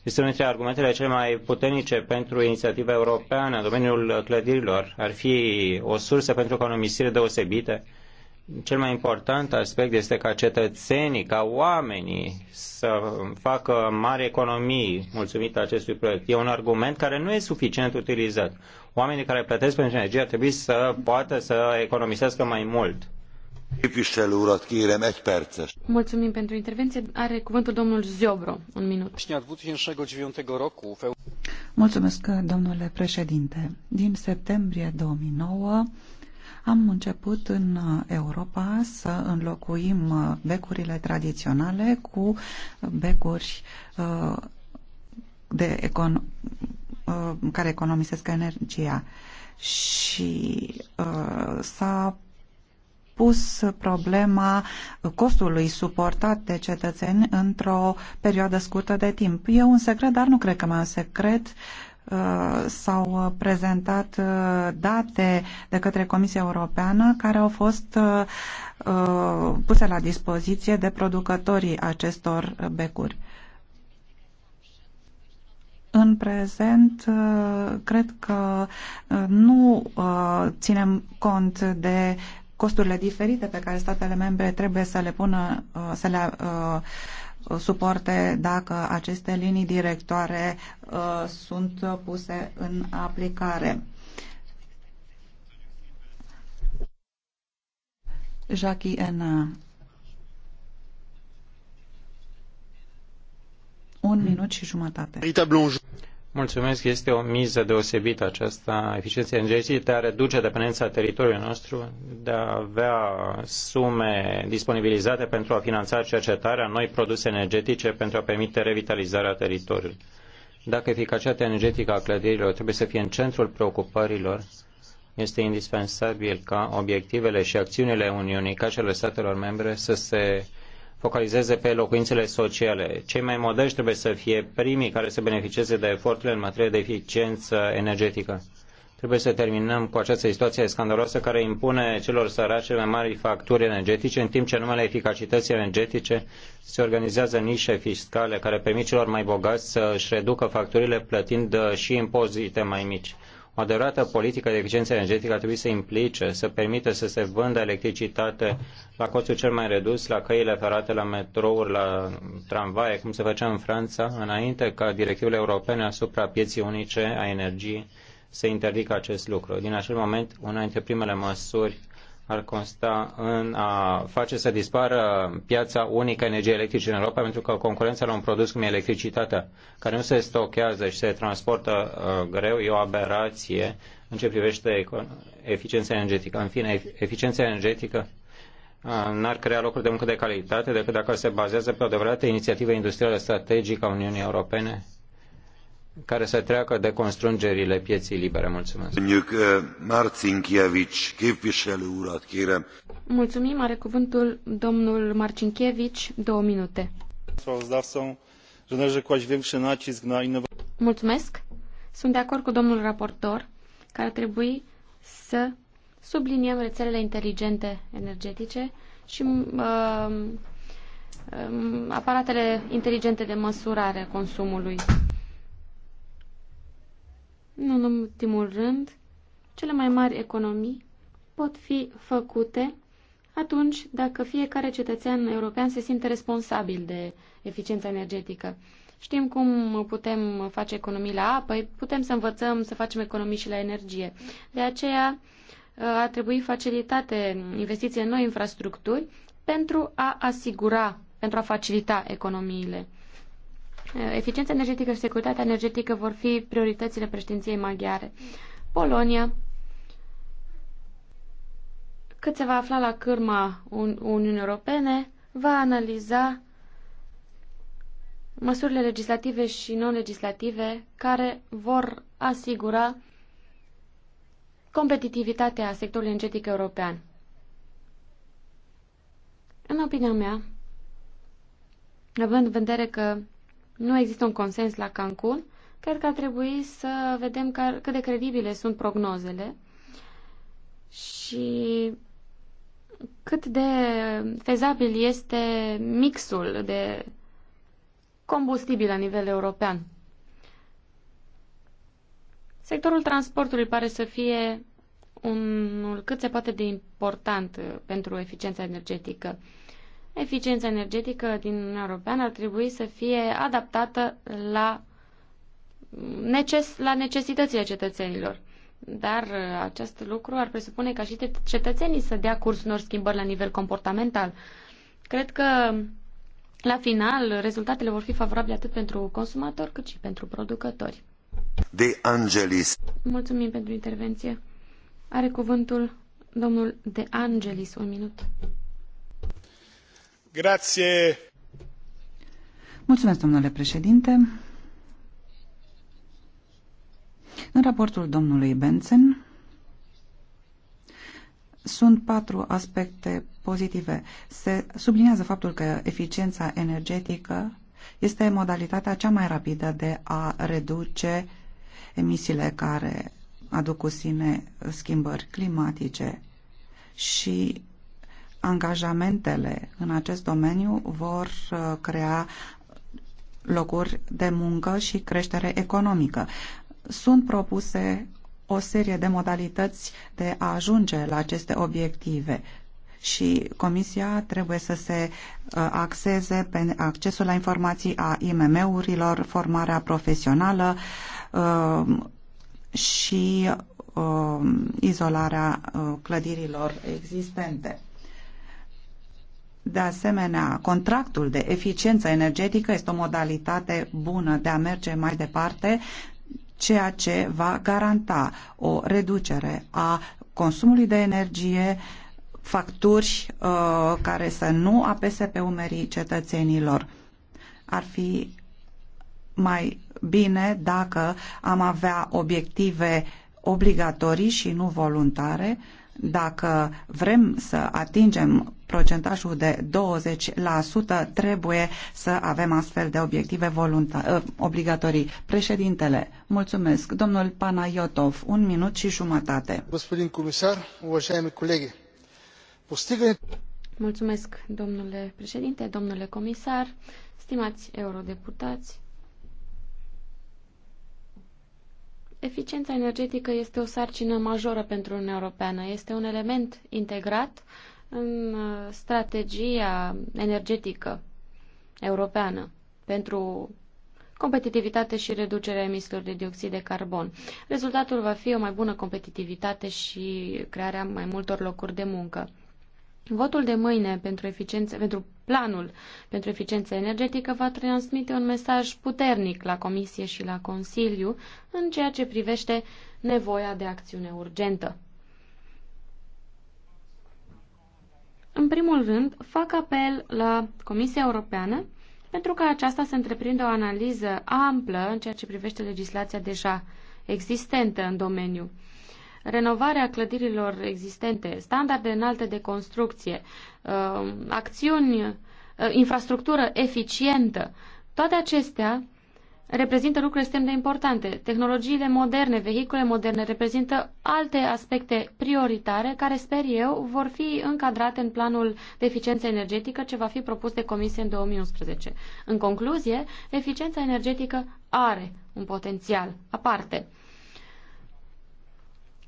Este unul dintre argumentele cele mai puternice pentru inițiativa europeană în domeniul clădirilor. Ar fi o sursă pentru economisire deosebită. Cel mai important aspect este ca cetățenii, ca oamenii să facă mari economii mulțumită acestui proiect. E un argument care nu e suficient utilizat. Oamenii care plătesc pentru energie ar trebui să poată să economisească mai mult. Mulțumim pentru intervenție. Are cuvântul domnul Ziobro. Un minut. Mulțumesc, domnule președinte. Din septembrie 2009, am început în Europa să înlocuim becurile tradiționale cu becuri uh, de econ uh, care economisesc energia și uh, s-a pus problema costului suportat de cetățeni într-o perioadă scurtă de timp. E un secret, dar nu cred că mai un secret uh, s-au prezentat uh, date de către Comisia Europeană care au fost uh, puse la dispoziție de producătorii acestor becuri. În prezent, cred că nu ținem cont de costurile diferite pe care statele membre trebuie să le pună, uh, să le uh, suporte dacă aceste linii directoare uh, sunt puse în aplicare. Jackie Ena. Un minut și jumătate. Mulțumesc, este o miză deosebită aceasta, eficiența energetică, de a reduce dependența teritoriului nostru, de a avea sume disponibilizate pentru a finanța cercetarea noi produse energetice pentru a permite revitalizarea teritoriului. Dacă eficacitatea energetică a clădirilor trebuie să fie în centrul preocupărilor, este indispensabil ca obiectivele și acțiunile Uniunii, ca ale statelor membre, să se focalizeze pe locuințele sociale. Cei mai modești trebuie să fie primii care să beneficieze de eforturile în materie de eficiență energetică. Trebuie să terminăm cu această situație scandaloasă care impune celor săraci mai mari facturi energetice, în timp ce numele eficacității energetice se organizează nișe fiscale care permit celor mai bogați să își reducă facturile plătind și impozite mai mici. O adevărată politică de eficiență energetică ar trebui să implice, să permită să se vândă electricitate la costul cel mai redus, la căile ferate, la metrouri, la tramvaie, cum se făcea în Franța, înainte ca directivele europene asupra pieții unice a energiei să interdică acest lucru. Din acel moment, una dintre primele măsuri ar consta în a face să dispară piața unică energiei electrice în Europa, pentru că concurența la un produs cum e electricitatea, care nu se stochează și se transportă uh, greu, e o aberație în ce privește eficiența energetică. În fine, eficiența energetică uh, n-ar crea locuri de muncă de calitate decât dacă se bazează pe o adevărată inițiativă industrială strategică a Uniunii Europene care să treacă de constrângerile pieții libere. Mulțumesc. Eh, Mulțumim, are cuvântul domnul Marcinkiewicz, două minute. Mulțumesc. Sunt de acord cu domnul raportor că ar trebui să subliniem rețelele inteligente energetice și uh, aparatele inteligente de măsurare consumului nu în ultimul rând, cele mai mari economii pot fi făcute atunci dacă fiecare cetățean european se simte responsabil de eficiența energetică. Știm cum putem face economii la apă, putem să învățăm să facem economii și la energie. De aceea uh, ar trebui facilitate investiții în noi infrastructuri pentru a asigura, pentru a facilita economiile. Eficiența energetică și securitatea energetică vor fi prioritățile președinției maghiare. Polonia, cât se va afla la cârma Uniunii Europene, va analiza măsurile legislative și non-legislative care vor asigura competitivitatea sectorului energetic european. În opinia mea, având în vedere că nu există un consens la Cancun, cred că ar trebui să vedem cât de credibile sunt prognozele și cât de fezabil este mixul de combustibil la nivel european. Sectorul transportului pare să fie unul cât se poate de important pentru eficiența energetică eficiența energetică din Uniunea Europeană ar trebui să fie adaptată la, neces- la necesitățile cetățenilor. Dar uh, acest lucru ar presupune ca și cetățenii să dea curs unor schimbări la nivel comportamental. Cred că la final, rezultatele vor fi favorabile atât pentru consumatori cât și pentru producători. De Angelis. Mulțumim pentru intervenție. Are cuvântul domnul De Angelis, un minut. Mulțumesc, domnule președinte. În raportul domnului Benson sunt patru aspecte pozitive. Se subliniază faptul că eficiența energetică este modalitatea cea mai rapidă de a reduce emisiile care aduc cu sine schimbări climatice și angajamentele în acest domeniu vor uh, crea locuri de muncă și creștere economică. Sunt propuse o serie de modalități de a ajunge la aceste obiective și Comisia trebuie să se uh, axeze pe accesul la informații a IMM-urilor, formarea profesională uh, și izolarea clădirilor existente. De asemenea, contractul de eficiență energetică este o modalitate bună de a merge mai departe, ceea ce va garanta o reducere a consumului de energie, facturi uh, care să nu apese pe umerii cetățenilor. Ar fi mai bine dacă am avea obiective obligatorii și nu voluntare, uh, dacă vrem să atingem procentajul de 20%, trebuie să avem astfel de obiective volunta- ă, obligatorii. Președintele, mulțumesc. Domnul Panayotov, un minut și jumătate. Господин comisar, уважаеми колеги, Mulțumesc, domnule președinte, domnule comisar, stimați eurodeputați, Eficiența energetică este o sarcină majoră pentru Uniunea Europeană. Este un element integrat în uh, strategia energetică europeană pentru competitivitate și reducerea emisiilor de dioxid de carbon. Rezultatul va fi o mai bună competitivitate și crearea mai multor locuri de muncă. Votul de mâine pentru, eficiență, pentru planul pentru eficiență energetică va transmite un mesaj puternic la Comisie și la Consiliu în ceea ce privește nevoia de acțiune urgentă. În primul rând, fac apel la Comisia Europeană pentru ca aceasta să întreprindă o analiză amplă în ceea ce privește legislația deja existentă în domeniu renovarea clădirilor existente, standarde înalte de construcție, uh, acțiuni, uh, infrastructură eficientă, toate acestea reprezintă lucruri extrem de importante. Tehnologiile moderne, vehicule moderne reprezintă alte aspecte prioritare care, sper eu, vor fi încadrate în planul de eficiență energetică ce va fi propus de Comisie în 2011. În concluzie, eficiența energetică are un potențial aparte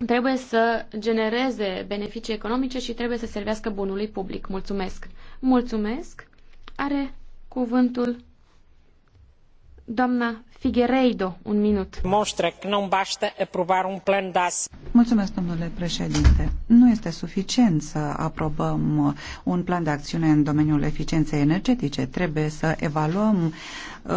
trebuie să genereze beneficii economice și trebuie să servească bunului public. Mulțumesc! Mulțumesc! Are cuvântul Doamna Figueiredo, un minut. Mostre că nu aprobar un plan DAS. Mulțumesc, domnule președinte. Nu este suficient să aprobăm uh, un plan de acțiune în domeniul eficienței energetice. Trebuie să evaluăm uh,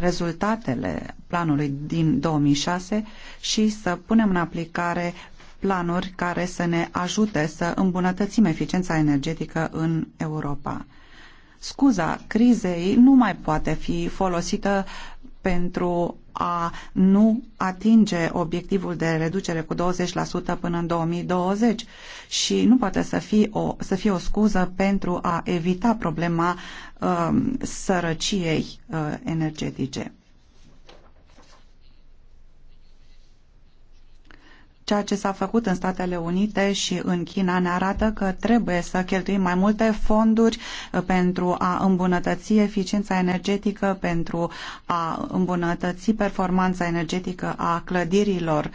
rezultatele planului din 2006 și să punem în aplicare planuri care să ne ajute să îmbunătățim eficiența energetică în Europa scuza crizei nu mai poate fi folosită pentru a nu atinge obiectivul de reducere cu 20% până în 2020 și nu poate să fie o, să fie o scuză pentru a evita problema uh, sărăciei uh, energetice. Ceea ce s-a făcut în Statele Unite și în China ne arată că trebuie să cheltuim mai multe fonduri uh, pentru a îmbunătăți eficiența energetică, pentru a îmbunătăți performanța energetică a clădirilor.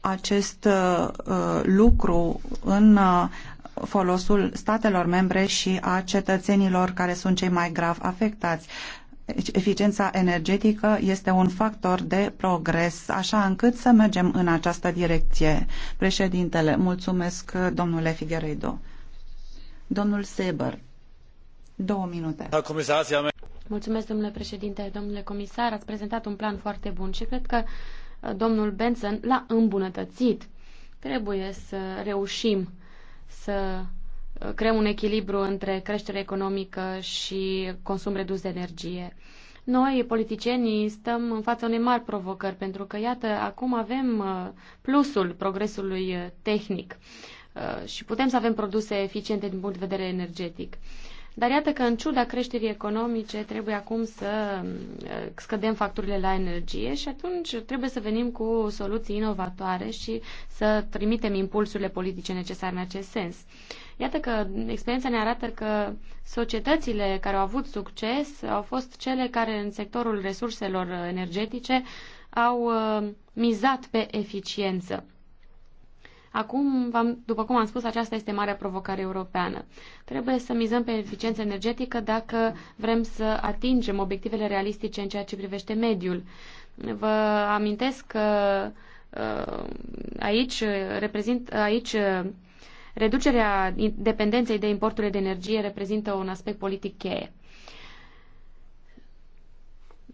Acest uh, uh, lucru în uh, folosul statelor membre și a cetățenilor care sunt cei mai grav afectați. Deci, eficiența energetică este un factor de progres, așa încât să mergem în această direcție. Președintele, mulțumesc domnule Figueiredo. Domnul Seber, două minute. Mulțumesc, domnule președinte, domnule comisar, ați prezentat un plan foarte bun și cred că uh, domnul Benson l-a îmbunătățit. Trebuie să reușim să creăm un echilibru între creștere economică și consum redus de energie. Noi, politicienii, stăm în fața unei mari provocări, pentru că, iată, acum avem uh, plusul progresului uh, tehnic uh, și putem să avem produse eficiente din punct de vedere energetic. Dar iată că, în ciuda creșterii economice, trebuie acum să scădem facturile la energie și atunci trebuie să venim cu soluții inovatoare și să trimitem impulsurile politice necesare în acest sens. Iată că experiența ne arată că societățile care au avut succes au fost cele care în sectorul resurselor energetice au uh, mizat pe eficiență. Acum, după cum am spus, aceasta este marea provocare europeană. Trebuie să mizăm pe eficiență energetică dacă vrem să atingem obiectivele realistice în ceea ce privește mediul. Vă amintesc că uh, aici reprezint aici Reducerea dependenței de importurile de energie reprezintă un aspect politic cheie.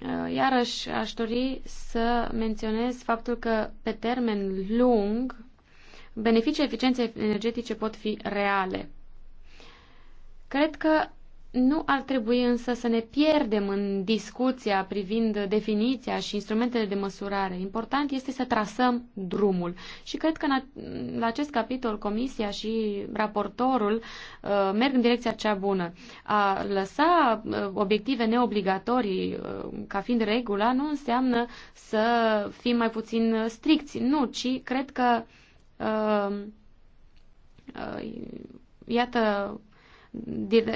Uh, iarăși aș dori să menționez faptul că pe termen lung beneficiile eficienței energetice pot fi reale. Cred că nu ar trebui însă să ne pierdem în discuția privind definiția și instrumentele de măsurare. Important este să trasăm drumul. Și cred că în acest capitol Comisia și raportorul uh, merg în direcția cea bună. A lăsa uh, obiective neobligatorii uh, ca fiind regula nu înseamnă să fim mai puțin stricți. Nu, ci cred că uh, uh, iată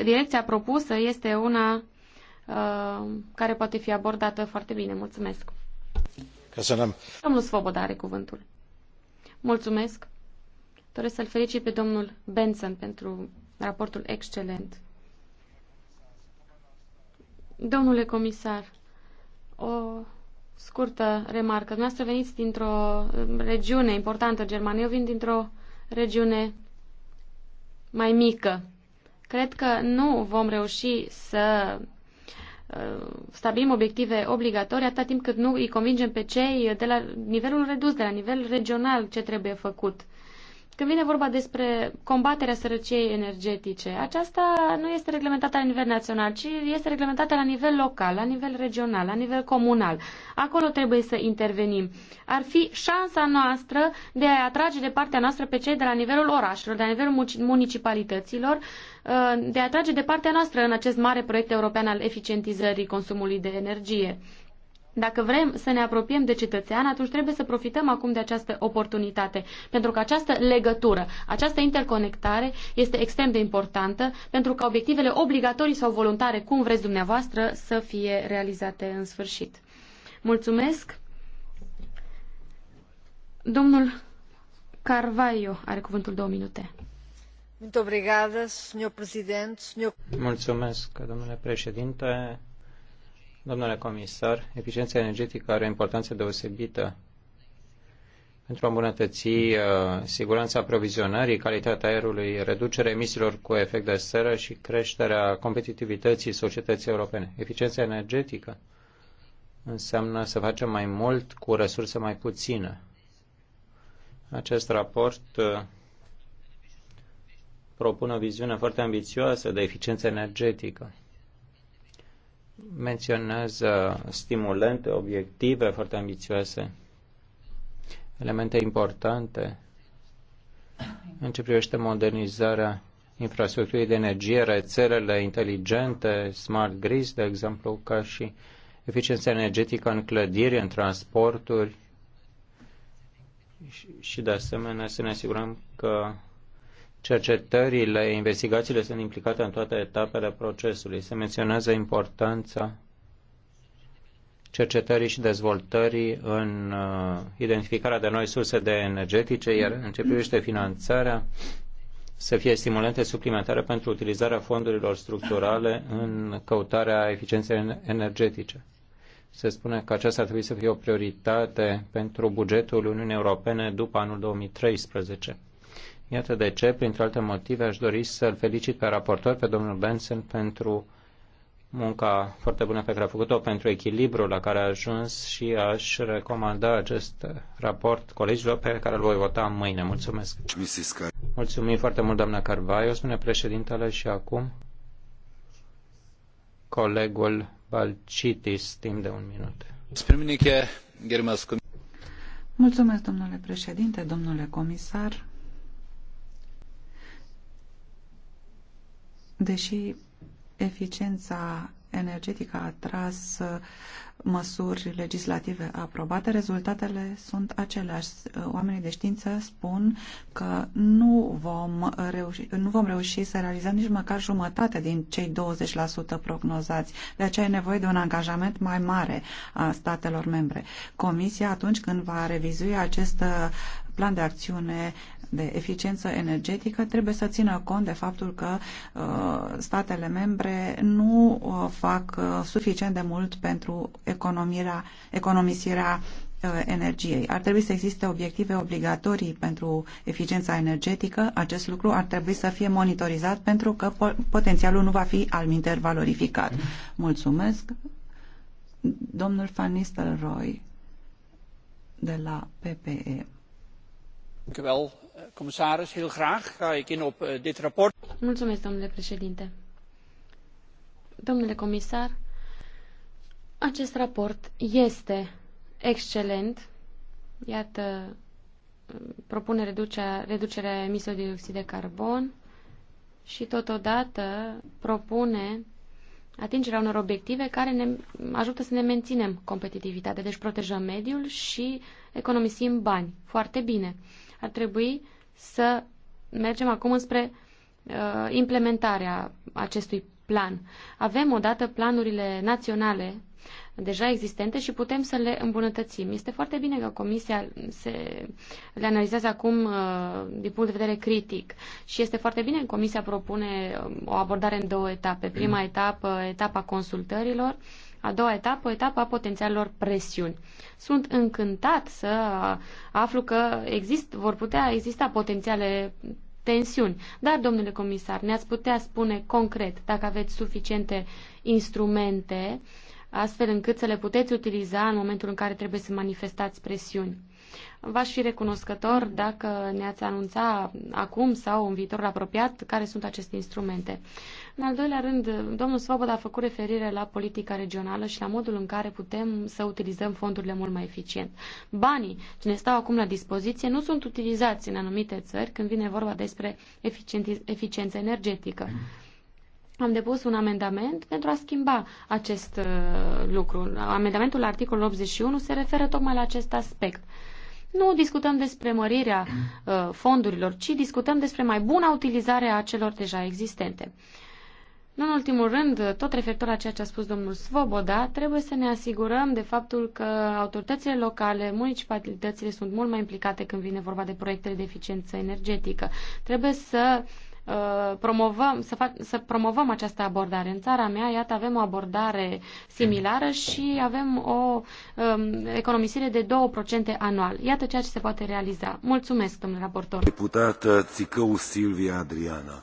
direcția propusă este una uh, care poate fi abordată foarte bine. Mulțumesc. Căsănăm. Domnul Svoboda are cuvântul. Mulțumesc. Doresc să-l felicit pe domnul Benson pentru raportul excelent. Domnule comisar, o scurtă remarcă. Dumneavoastră veniți dintr-o regiune importantă, Germania. Eu vin dintr-o regiune mai mică. Cred că nu vom reuși să uh, stabilim obiective obligatorii atâta timp cât nu îi convingem pe cei de la nivelul redus, de la nivel regional, ce trebuie făcut. Când vine vorba despre combaterea sărăciei energetice, aceasta nu este reglementată la nivel național, ci este reglementată la nivel local, la nivel regional, la nivel comunal. Acolo trebuie să intervenim. Ar fi șansa noastră de a atrage de partea noastră pe cei de la nivelul orașelor, de la nivelul municipalităților, uh, de a atrage de partea noastră în acest mare proiect european al eficientizării consumului de energie. Dacă vrem să ne apropiem de cetățean, atunci trebuie să profităm acum de această oportunitate, pentru că această legătură, această interconectare este extrem de importantă pentru ca obiectivele obligatorii sau voluntare, cum vreți dumneavoastră, să fie realizate în sfârșit. Mulțumesc. Domnul Carvaio are cuvântul două minute. Mulțumesc, domnule președinte, Domnule comisar, eficiența energetică are o importanță deosebită pentru a îmbunătăți uh, siguranța aprovizionării, calitatea aerului, reducerea emisiilor cu efect de seră și creșterea competitivității societății europene. Eficiența energetică înseamnă să facem mai mult cu resurse mai puține. Acest raport uh, propune o viziune foarte ambițioasă de eficiență energetică menționează stimulente, obiective foarte ambițioase, elemente importante în ce privește modernizarea infrastructurii de energie, rețelele inteligente, smart grids, de exemplu, ca și eficiența energetică în clădiri, în transporturi și, de asemenea, să ne asigurăm că cercetările, investigațiile sunt implicate în toate etapele procesului. Se menționează importanța cercetării și dezvoltării în uh, identificarea de noi surse de energetice, iar în ce privește finanțarea, să fie stimulente suplimentare pentru utilizarea fondurilor structurale în căutarea eficienței energetice. Se spune că aceasta ar trebui să fie o prioritate pentru bugetul Uniunii Europene după anul 2013. Iată de ce, printre alte motive, aș dori să-l felicit pe raportor, pe domnul Benson, pentru munca foarte bună pe care a făcut-o, pentru echilibrul la care a ajuns și aș recomanda acest raport colegilor pe care îl voi vota mâine. Mulțumesc! Mulțumim foarte mult, doamna Carvaio, spune președintele și acum colegul Balcitis, timp de un minut. Mulțumesc, domnule președinte, domnule comisar. Deși eficiența energetică a tras uh, măsuri legislative aprobate, rezultatele sunt aceleași. Uh, oamenii de știință spun că nu vom reuși, nu vom reuși să realizăm nici măcar jumătate din cei 20% prognozați. De aceea e nevoie de un angajament mai mare a statelor membre. Comisia, atunci când va revizui acest uh, plan de acțiune de eficiență energetică trebuie să țină cont de faptul că uh, statele membre nu uh, fac uh, suficient de mult pentru economirea, economisirea energiei. Ar trebui să existe obiective obligatorii pentru eficiența energetică. Acest lucru ar trebui să fie monitorizat pentru că potențialul nu va fi minter valorificat. Mulțumesc. Domnul Van Roy de la PPE. Eh, commissaris, heel graag ga ik in op eh, dit Mulțumesc, domnule președinte. Domnule comisar, acest raport este excelent. Iată, propune reducerea, reducerea de dioxid de carbon și totodată propune atingerea unor obiective care ne ajută să ne menținem competitivitatea, deci protejăm mediul și economisim bani. Foarte bine. Ar trebui să mergem acum spre uh, implementarea acestui plan. Avem odată planurile naționale deja existente și putem să le îmbunătățim. Este foarte bine că Comisia se, le analizează acum uh, din punct de vedere critic și este foarte bine că Comisia propune uh, o abordare în două etape. Prima etapă, etapa consultărilor, uh, a doua etapă, o etapă a potențialelor presiuni. Sunt încântat să aflu că exist, vor putea exista potențiale tensiuni. Dar, domnule comisar, ne-ați putea spune concret dacă aveți suficiente instrumente astfel încât să le puteți utiliza în momentul în care trebuie să manifestați presiuni. V-aș fi recunoscător dacă ne-ați anunța acum sau în viitorul apropiat care sunt aceste instrumente. În al doilea rând, domnul Svoboda a făcut referire la politica regională și la modul în care putem să utilizăm fondurile mult mai eficient. Banii ce ne stau acum la dispoziție nu sunt utilizați în anumite țări când vine vorba despre eficiență energetică. Am depus un amendament pentru a schimba acest uh, lucru. Amendamentul articolul 81 se referă tocmai la acest aspect nu discutăm despre mărirea uh, fondurilor, ci discutăm despre mai buna utilizare a celor deja existente. Nu în ultimul rând, tot referitor la ceea ce a spus domnul Svoboda, trebuie să ne asigurăm de faptul că autoritățile locale, municipalitățile sunt mult mai implicate când vine vorba de proiectele de eficiență energetică. Trebuie să uh, promovăm, să, fac, să promovăm această abordare. În țara mea, iată, avem o abordare similară și avem o um, economisire de 2% anual. Iată ceea ce se poate realiza. Mulțumesc, domnule raportor. Deputată Țicău Silvia Adriana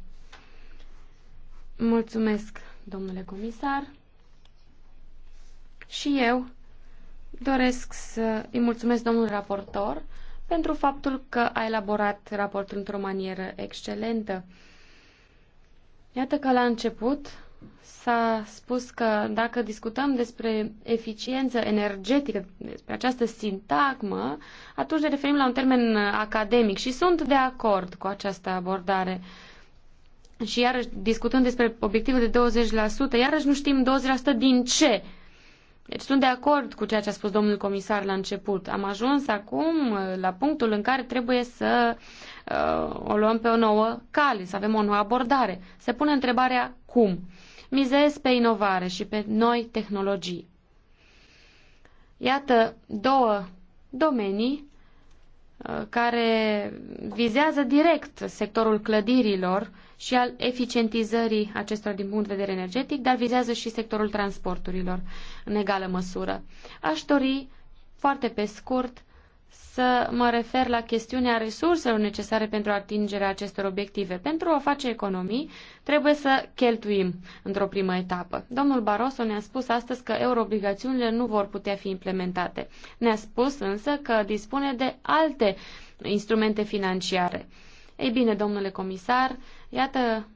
Mulțumesc, domnule comisar. Și eu doresc să îi mulțumesc domnul raportor pentru faptul că a elaborat raportul într-o manieră excelentă. Iată că la început s-a spus că dacă discutăm despre eficiență energetică, despre această sintagmă, atunci ne referim la un termen academic și sunt de acord cu această abordare. Uh, și iarăși discutând despre obiectivul de 20%, iarăși nu știm 20% din ce. Deci sunt de acord cu ceea ce a spus domnul comisar la început. Am ajuns acum la punctul în care trebuie să uh, o luăm pe o nouă cale, să avem o nouă abordare. Se pune întrebarea cum. Mizez pe inovare și pe noi tehnologii. Iată două domenii uh, care vizează direct sectorul clădirilor uh, și al eficientizării acestora din punct de vedere energetic, dar vizează și sectorul transporturilor în egală măsură. Aș dori, foarte pe scurt, să mă refer la chestiunea resurselor necesare pentru atingerea acestor obiective. Pentru a face economii, trebuie să cheltuim într-o primă etapă. Domnul Barroso ne-a spus astăzi că euroobligațiunile nu vor putea fi implementate. Ne-a spus însă că dispune de alte instrumente financiare. Ei bine, domnule comisar, iată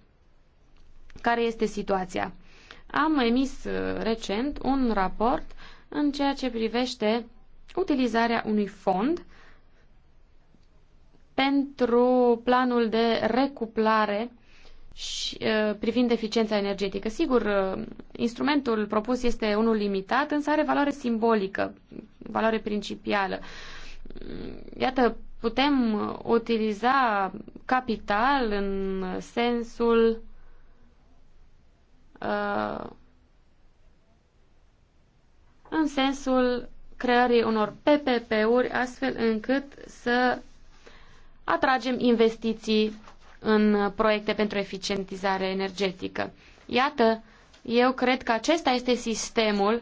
care este situația. Am emis uh, recent un raport în ceea ce privește utilizarea unui fond pentru planul de recuplare și, uh, privind eficiența energetică. Sigur, uh, instrumentul propus este unul limitat, însă are valoare simbolică, valoare principială. Iată, putem utiliza capital în sensul uh, în sensul creării unor PPP-uri astfel încât să atragem investiții în proiecte pentru eficientizare energetică. Iată, eu cred că acesta este sistemul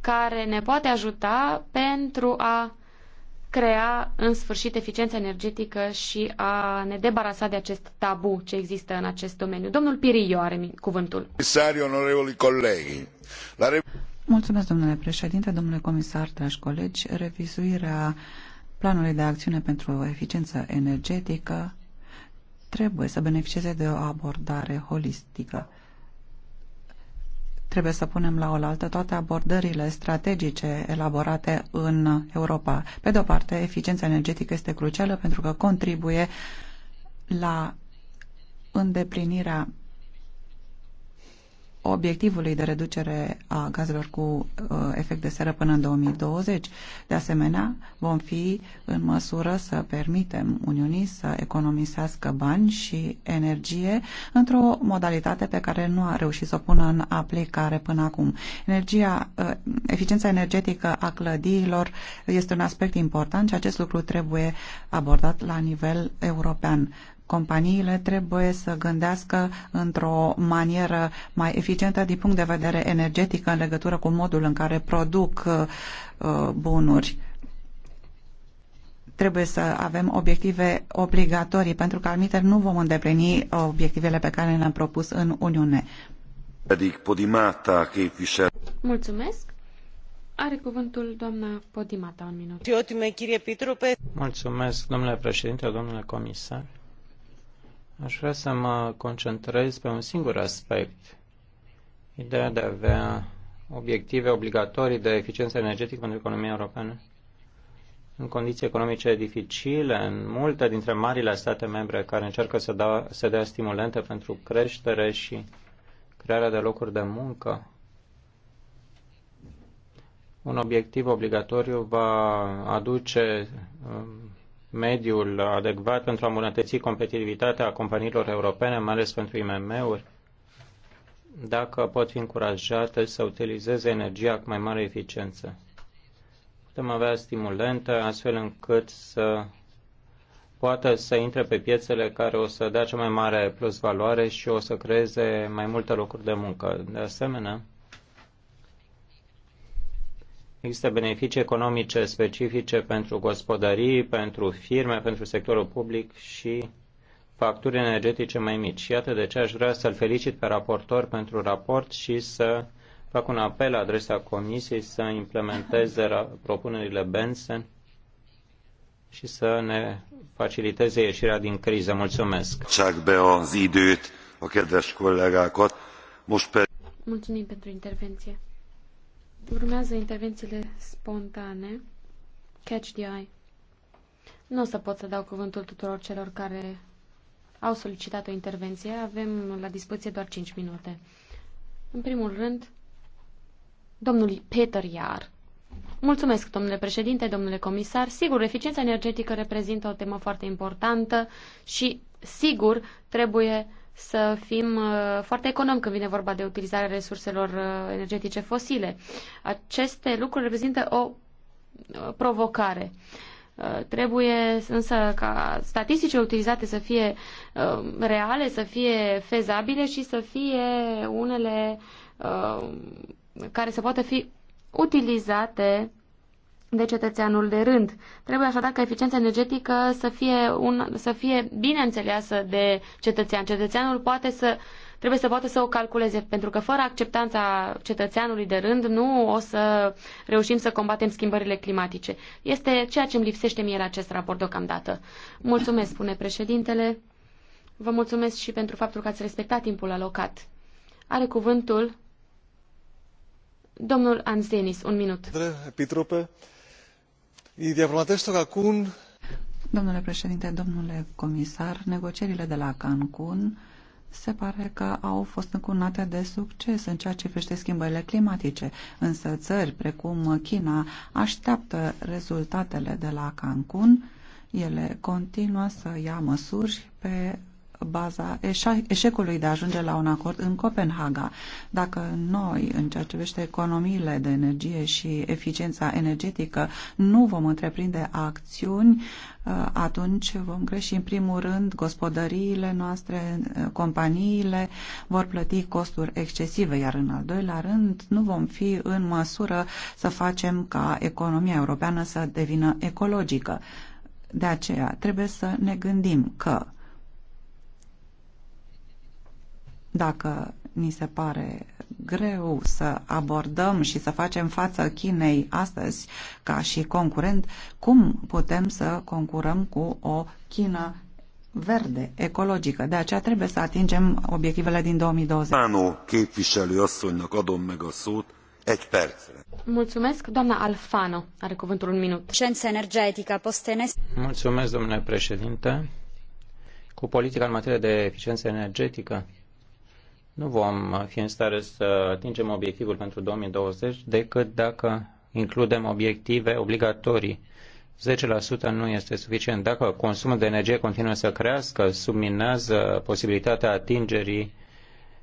care ne poate ajuta pentru a crea în sfârșit eficiență energetică și a ne debarasa de acest tabu ce există în acest domeniu. Domnul Pirillo are cuvântul. Mulțumesc, domnule președinte, domnule comisar, dragi colegi. Revizuirea planului de acțiune pentru eficiență energetică trebuie să beneficieze de o abordare holistică. Trebuie să punem la oaltă toate abordările strategice elaborate în Europa. Pe de o parte, eficiența energetică este crucială pentru că contribuie la îndeplinirea obiectivului de reducere a gazelor cu uh, efect de seră până în 2020. De asemenea, vom fi în măsură să permitem Uniunii să economisească bani și energie într-o modalitate pe care nu a reușit să o pună în aplicare până acum. Energia, uh, eficiența energetică a clădirilor este un aspect important și acest lucru trebuie abordat la nivel european. Companiile trebuie să gândească într-o manieră mai eficientă din punct de vedere energetic în legătură cu modul în care produc uh, bunuri trebuie să avem obiective obligatorii, pentru că altminteri nu vom îndeplini uh, obiectivele pe care le-am propus în Uniune. Mulțumesc. Are cuvântul doamna Podimata un minut. Mulțumesc, domnule președinte, domnule comisar. Aș vrea să mă concentrez pe un singur aspect, ideea de a avea obiective obligatorii de eficiență energetică pentru economia europeană. În condiții economice dificile, în multe dintre marile state membre care încearcă să, da, să dea stimulente pentru creștere și crearea de locuri de muncă, un obiectiv obligatoriu va aduce um, mediul adecvat pentru a îmbunătăți competitivitatea companiilor europene, mai ales pentru IMM-uri, dacă pot fi încurajate să utilizeze energia cu mai mare eficiență. Putem avea stimulente astfel încât să poată să intre pe piețele care o să dea cea mai mare plus valoare și o să creeze mai multe locuri de muncă. De asemenea, Există beneficii economice specifice pentru gospodării, pentru firme, pentru sectorul public și facturi energetice mai mici. Iată de ce aș vrea să-l felicit pe raportor pentru raport și să fac un apel la adresa Comisiei să implementeze propunerile Benson și să ne faciliteze ieșirea din criză. Mulțumesc! Mulțumim pentru intervenție. Urmează intervențiile spontane. Catch the eye. Nu o să pot să dau cuvântul tuturor celor care au solicitat o intervenție. Avem la dispoziție doar 5 minute. În primul rând, domnului Peter Iar. Mulțumesc, domnule președinte, domnule comisar. Sigur, eficiența energetică reprezintă o temă foarte importantă și, sigur, trebuie să fim uh, foarte economi când vine vorba de utilizarea resurselor uh, energetice fosile. Aceste lucruri reprezintă o uh, provocare. Trebuie însă ca statisticile utilizate să fie reale, să fie fezabile și să fie unele care să poată fi utilizate de cetățeanul de rând. Trebuie așadar ca eficiența energetică să fie, un, să fie bine înțeleasă de cetățean. Cetățeanul poate să trebuie să poată să o calculeze, pentru că fără acceptanța cetățeanului de rând nu o să reușim să combatem schimbările climatice. Este ceea ce îmi lipsește mie la acest raport deocamdată. Mulțumesc, spune președintele. Vă mulțumesc și pentru faptul că ați respectat timpul alocat. Are cuvântul domnul Anzenis, un minut. Epitrope, Domnule președinte, domnule comisar, negocierile de la Cancun se pare că au fost încununate de succes în ceea ce privește schimbările climatice, însă țări precum China așteaptă rezultatele de la Cancun ele continuă să ia măsuri pe baza eșecului de a ajunge la un acord în Copenhaga. Dacă noi, în ceea ce privește economiile de energie și eficiența energetică, nu vom întreprinde acțiuni, uh, atunci vom greși. În primul rând, gospodăriile noastre, uh, companiile vor plăti costuri excesive, iar în al doilea rând, nu vom fi în măsură să facem ca economia europeană să devină ecologică. De aceea trebuie să ne gândim că Dacă ni se pare greu să abordăm și să facem față Chinei astăzi ca și concurent, cum putem să concurăm cu o China verde, ecologică. De aceea trebuie să atingem obiectivele din 2020. Mulțumesc, doamna Alfano. Are cuvântul un minut. Șență energetică, postenesc. Mulțumesc, domnule președinte. Cu politica în materie de eficiență energetică, nu vom fi în stare să atingem obiectivul pentru 2020 decât dacă includem obiective obligatorii. 10% nu este suficient. Dacă consumul de energie continuă să crească, subminează posibilitatea atingerii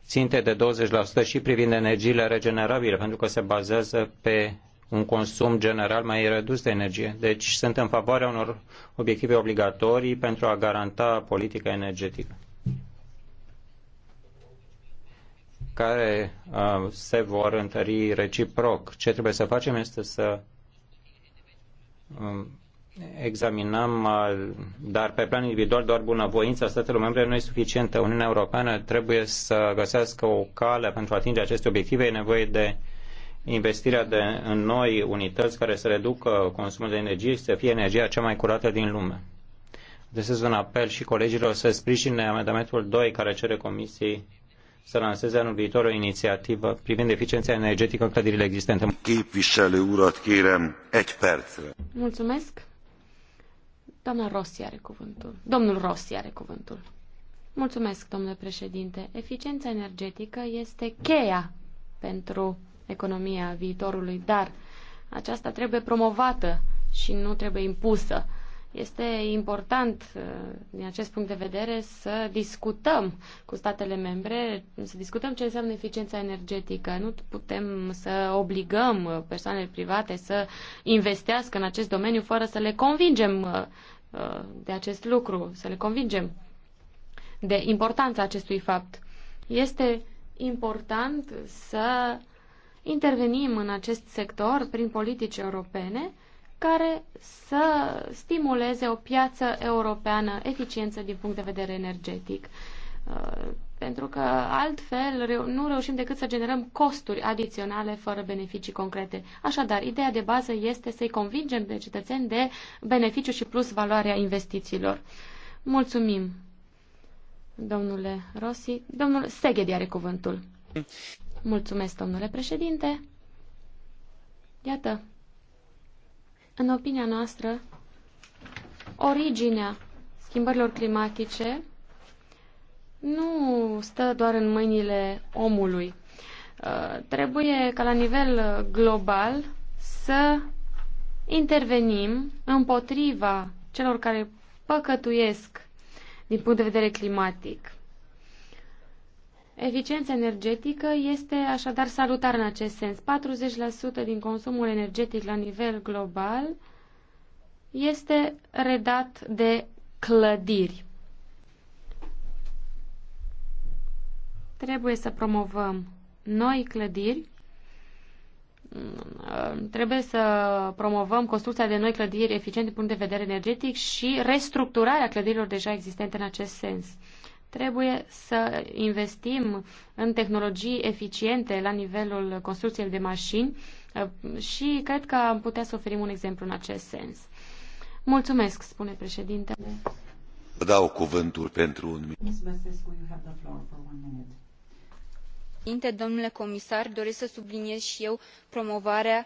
ținte de 20% și privind energiile regenerabile, pentru că se bazează pe un consum general mai redus de energie. Deci sunt în favoarea unor obiective obligatorii pentru a garanta politica energetică. care uh, se vor întări reciproc. Ce trebuie să facem este să um, examinăm, uh, dar pe plan individual doar bunăvoința statelor membre nu e suficientă. Uniunea Europeană trebuie să găsească o cale pentru a atinge aceste obiective. E nevoie de investirea de, în noi unități care să reducă consumul de energie și să fie energia cea mai curată din lume. Desez un apel și colegilor să sprijine amendamentul 2 care cere comisiei să lanseze anul viitor o inițiativă privind eficiența energetică în clădirile existente. Képviselő urat kérem egy percre. Mulțumesc. Doamna Rossi are cuvântul. Domnul Rossi are cuvântul. Mulțumesc, domnule președinte. Eficiența energetică este cheia pentru economia viitorului, dar aceasta trebuie promovată și nu trebuie impusă. Este important, uh, din acest punct de vedere, să discutăm cu statele membre, să discutăm ce înseamnă eficiența energetică. Nu putem să obligăm uh, persoanele private să investească în acest domeniu fără să le convingem uh, de acest lucru, să le convingem de importanța acestui fapt. Este important să intervenim în acest sector prin politici europene care să stimuleze o piață europeană eficiență din punct de vedere energetic. Uh, pentru că altfel nu reușim decât să generăm costuri adiționale fără beneficii concrete. Așadar, ideea de bază este să-i convingem pe cetățeni de beneficiu și plus valoarea investițiilor. Mulțumim, domnule Rossi. Domnul Seghedi are cuvântul. Mulțumesc, domnule președinte. Iată, în opinia noastră, originea schimbărilor climatice nu stă doar în mâinile omului. Uh, trebuie ca la nivel global să intervenim împotriva celor care păcătuiesc din punct de vedere climatic. Eficiența energetică este așadar salutară în acest sens. 40% din consumul energetic la nivel global este redat de clădiri. Trebuie să promovăm noi clădiri, trebuie să promovăm construcția de noi clădiri eficiente din punct de vedere energetic și restructurarea clădirilor deja existente în acest sens. Trebuie să investim în tehnologii eficiente la nivelul construcției de mașini uh, și cred că am putea să oferim un exemplu în acest sens. Mulțumesc, spune președintele. Vă dau cuvântul pentru un minut. Domnule comisar, doresc să subliniez și eu promovarea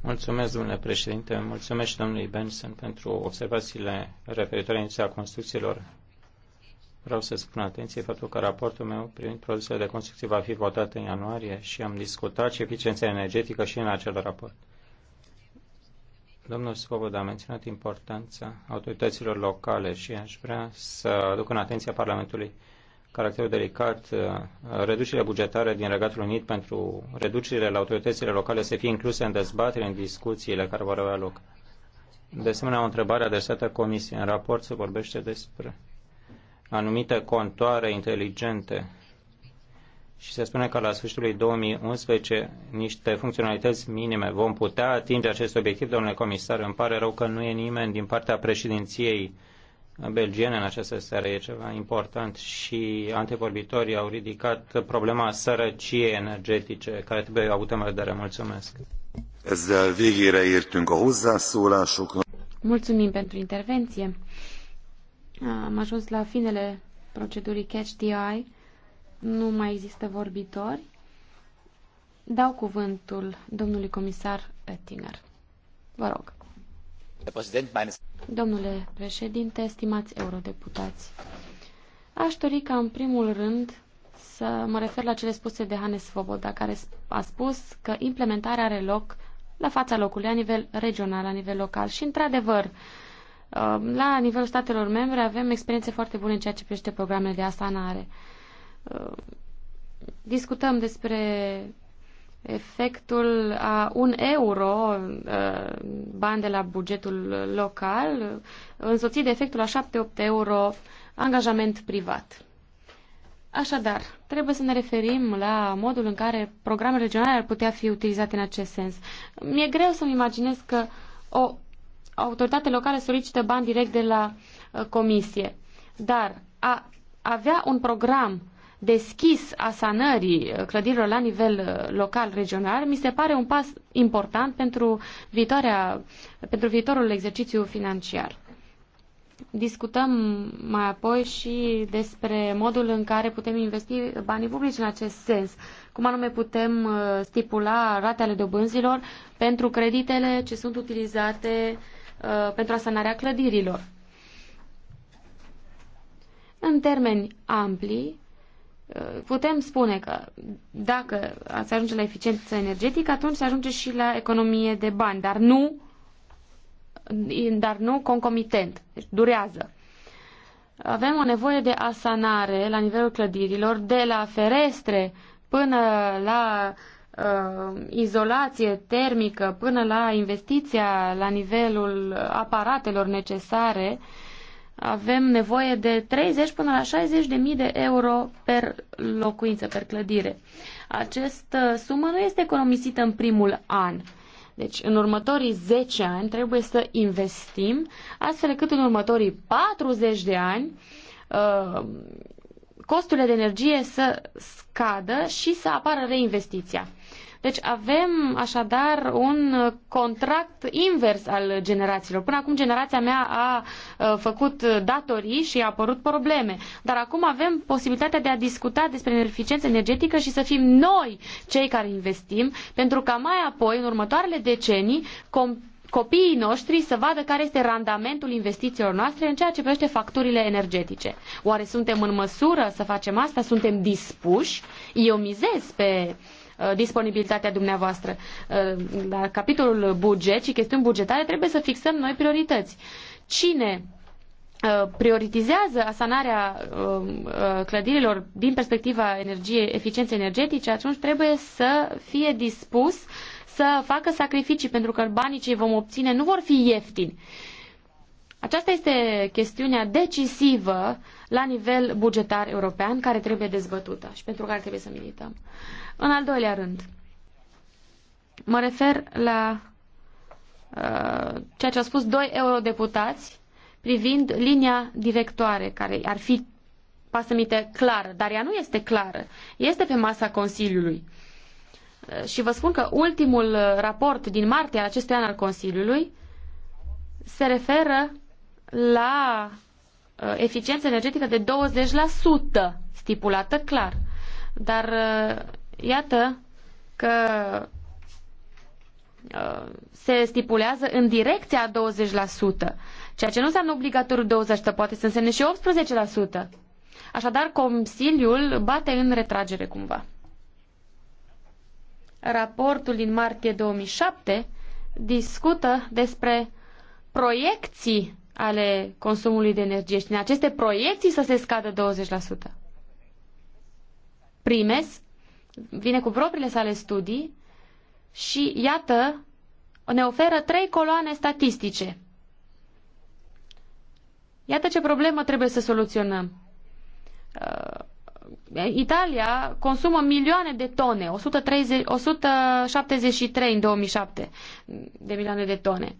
Mulțumesc, domnule președinte, mulțumesc și domnului Benson pentru observațiile referitoare la iniția construcțiilor. Vreau să spun atenție faptul că raportul meu privind produsele de construcții va fi votat în ianuarie și am discutat și eficiența energetică și în acel raport. Domnul Svoboda a menționat importanța autorităților locale și aș vrea să aduc în atenția Parlamentului caracterul delicat, uh, reducerile bugetare din Regatul Unit pentru reducerile la autoritățile locale să fie incluse în dezbatere, în discuțiile care vor avea loc. De asemenea, o întrebare adresată Comisiei. În raport se vorbește despre anumite contoare inteligente și se spune că la sfârșitul 2011 niște funcționalități minime vom putea atinge acest obiectiv, domnule comisar. Îmi pare rău că nu e nimeni din partea președinției uh, belgiene în această seară e ceva important și antevorbitorii au ridicat problema sărăciei energetice, care trebuie avută în vedere. Mulțumesc! Ezzel végére értünk a hozzászólásoknak. Mulțumim pentru intervenție. Am ajuns la finele procedurii Catch the Eye. Nu mai există vorbitori. Dau cuvântul domnului comisar Oettinger. Vă rog. Domnule președinte, stimați eurodeputați, aș dori ca în primul rând să mă refer la cele spuse de Hannes Svoboda, care a spus că implementarea are loc la fața locului, la nivel regional, la nivel local. Și, într-adevăr, uh, la nivelul statelor membre avem experiențe foarte bune în ceea ce privește programele de asanare. Uh, discutăm despre efectul a un euro uh, bani de la bugetul local, însoțit de efectul a 7-8 euro angajament privat. Așadar, trebuie să ne referim la modul în care programele regionale ar putea fi utilizate în acest sens. Mi-e greu să-mi imaginez că o autoritate locală solicită bani direct de la uh, comisie, dar a avea un program deschis a sanării clădirilor la nivel uh, local, regional, mi se pare un pas important pentru, viitoarea, pentru viitorul exercițiu financiar. Discutăm mai apoi și despre modul în care putem investi banii publici în acest sens. Cum anume putem uh, stipula ratele dobânzilor pentru creditele ce sunt utilizate uh, pentru asanarea clădirilor. În termeni ampli, Uh, putem spune că dacă se ajunge la eficiență energetică, atunci se ajunge și la economie de bani, dar nu, dar nu concomitent, deci durează. Avem o nevoie de asanare la nivelul clădirilor, de la ferestre până la uh, izolație termică, până la investiția la nivelul aparatelor necesare uh, avem nevoie de 30 până la 60 de mii de euro per locuință, per clădire. Această sumă nu este economisită în primul an. Deci, în următorii 10 ani trebuie să investim, astfel cât în următorii 40 de ani uh, costurile de energie să scadă și să apară reinvestiția. Deci avem așadar un contract invers al generațiilor. Până acum generația mea a făcut datorii și a apărut probleme. Dar acum avem posibilitatea de a discuta despre eficiență energetică și să fim noi cei care investim, pentru ca mai apoi, în următoarele decenii, copiii noștri să vadă care este randamentul investițiilor noastre în ceea ce privește facturile energetice. Oare suntem în măsură să facem asta? Suntem dispuși? Eu mizez pe uh, Uh, disponibilitatea dumneavoastră. Uh, la capitolul buget și chestiuni bugetare trebuie să fixăm noi priorități. Cine uh, prioritizează asanarea um, clădirilor din perspectiva energiei, eficienței energetice, atunci trebuie să fie dispus să facă sacrificii, pentru că banii ce vom obține nu vor fi ieftini. Aceasta este chestiunea decisivă la nivel bugetar european care trebuie dezbătută și pentru care trebuie să milităm. În al doilea rând, mă refer la uh, ceea ce au spus doi eurodeputați privind linia directoare, care ar fi pasămite clară, dar ea nu este clară. Este pe masa Consiliului. Uh, și vă spun că ultimul uh, raport din martie al acestui an al Consiliului se referă la uh, eficiență energetică de 20% stipulată clar. Dar Iată că uh, se stipulează în direcția 20%, ceea ce nu înseamnă obligatoriu 20%, poate să însemne și 18%. Așadar, Consiliul bate în retragere cumva. Raportul din martie 2007 discută despre proiecții ale consumului de energie și din aceste proiecții să se scadă 20%. Primes vine cu propriile sale studii și, iată, ne oferă trei coloane statistice. Iată ce problemă trebuie să soluționăm. Uh, Italia consumă milioane de tone, 130, 173 în 2007 de milioane de tone.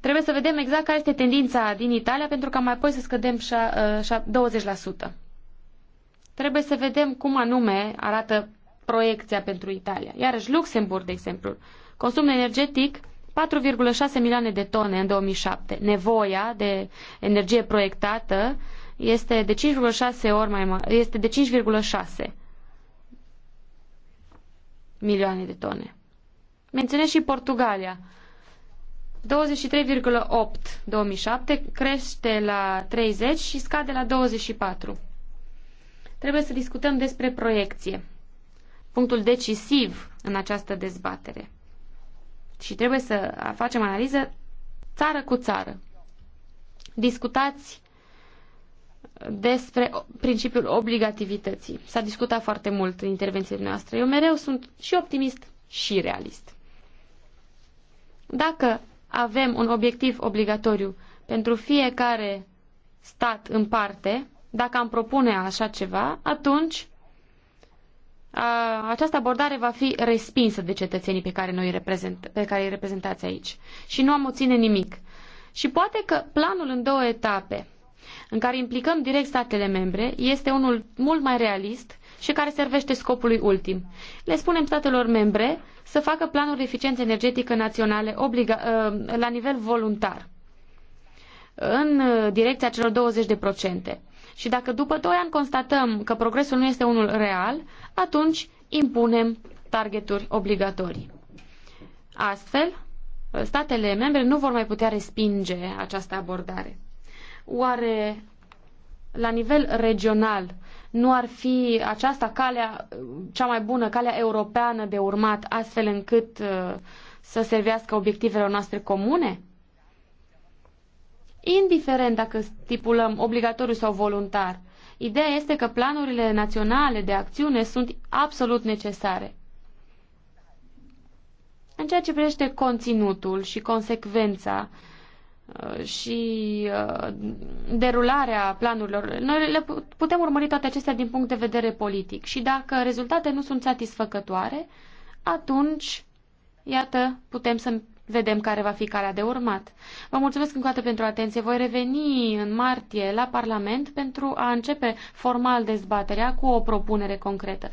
Trebuie să vedem exact care este tendința din Italia pentru ca mai apoi să scădem 20% trebuie să vedem cum anume arată proiecția pentru Italia. Iarăși Luxemburg, de exemplu, consum energetic 4,6 milioane de tone în 2007. Nevoia de energie proiectată este de 5,6 ori mai mare, este de 5,6 milioane de tone. Menționez și Portugalia. 23,8 2007 crește la 30 și scade la 24 trebuie să discutăm despre proiecție, punctul decisiv în această dezbatere. Și trebuie să facem analiză țară cu țară. Discutați despre principiul obligativității. S-a discutat foarte mult în intervențiile noastre. Eu mereu sunt și optimist și realist. Dacă avem un obiectiv obligatoriu pentru fiecare stat în parte, dacă am propune așa ceva, atunci această abordare va fi respinsă de cetățenii pe care, noi reprezent, pe care îi reprezentați aici. Și nu am obține nimic. Și poate că planul în două etape, în care implicăm direct statele membre, este unul mult mai realist și care servește scopului ultim. Le spunem statelor membre să facă planuri de eficiență energetică naționale obliga- la nivel voluntar în uh, direcția celor 20%. de procente. Și dacă după 2 ani constatăm că progresul nu este unul real, atunci impunem targeturi obligatorii. Astfel, statele membre nu vor mai putea respinge această abordare. Oare la nivel regional nu ar fi aceasta calea cea mai bună, calea europeană de urmat, astfel încât uh, să servească obiectivele noastre comune? indiferent dacă stipulăm obligatoriu sau voluntar. Ideea este că planurile naționale de acțiune sunt absolut necesare. În ceea ce privește conținutul și consecvența uh, și uh, derularea planurilor, noi le putem urmări toate acestea din punct de vedere politic. Și dacă rezultate nu sunt satisfăcătoare, atunci, iată, putem să vedem care va fi calea de urmat. Vă mulțumesc încă o dată pentru atenție. Voi reveni în martie la Parlament pentru a începe formal dezbaterea cu o propunere concretă.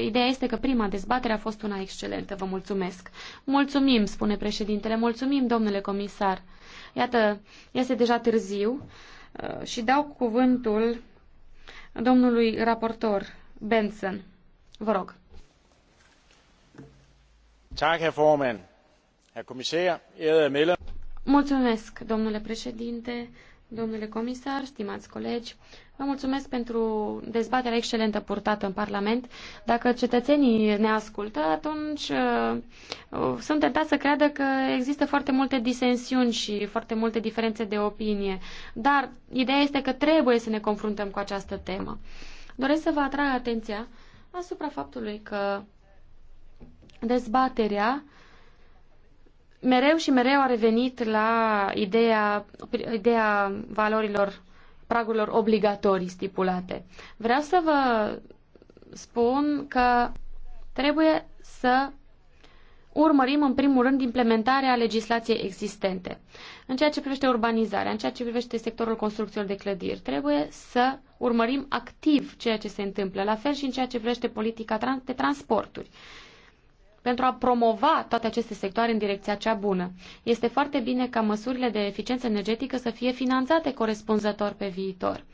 Ideea este că prima dezbatere a fost una excelentă. Vă mulțumesc. Mulțumim, spune președintele. Mulțumim, domnule comisar. Iată, este deja târziu uh, și dau cuvântul domnului raportor Benson. Vă rog. Tak, herr Mulțumesc, domnule președinte, domnule comisar, stimați colegi. Vă mulțumesc pentru dezbaterea excelentă purtată în Parlament. Dacă cetățenii ne ascultă, atunci uh, uh, sunt tentat să creadă că există foarte multe disensiuni și foarte multe diferențe de opinie. Dar ideea este că trebuie să ne confruntăm cu această temă. Doresc să vă atrag atenția asupra faptului că dezbaterea mereu și mereu a revenit la ideea, ideea valorilor, pragurilor obligatorii stipulate. Vreau să vă spun că trebuie să urmărim în primul rând implementarea legislației existente. În ceea ce privește urbanizarea, în ceea ce privește sectorul construcțiilor de clădiri, trebuie să urmărim activ ceea ce se întâmplă, la fel și în ceea ce privește politica de transporturi pentru a promova toate aceste sectoare în direcția cea bună. Este foarte bine ca măsurile de eficiență energetică să fie finanțate corespunzător pe viitor.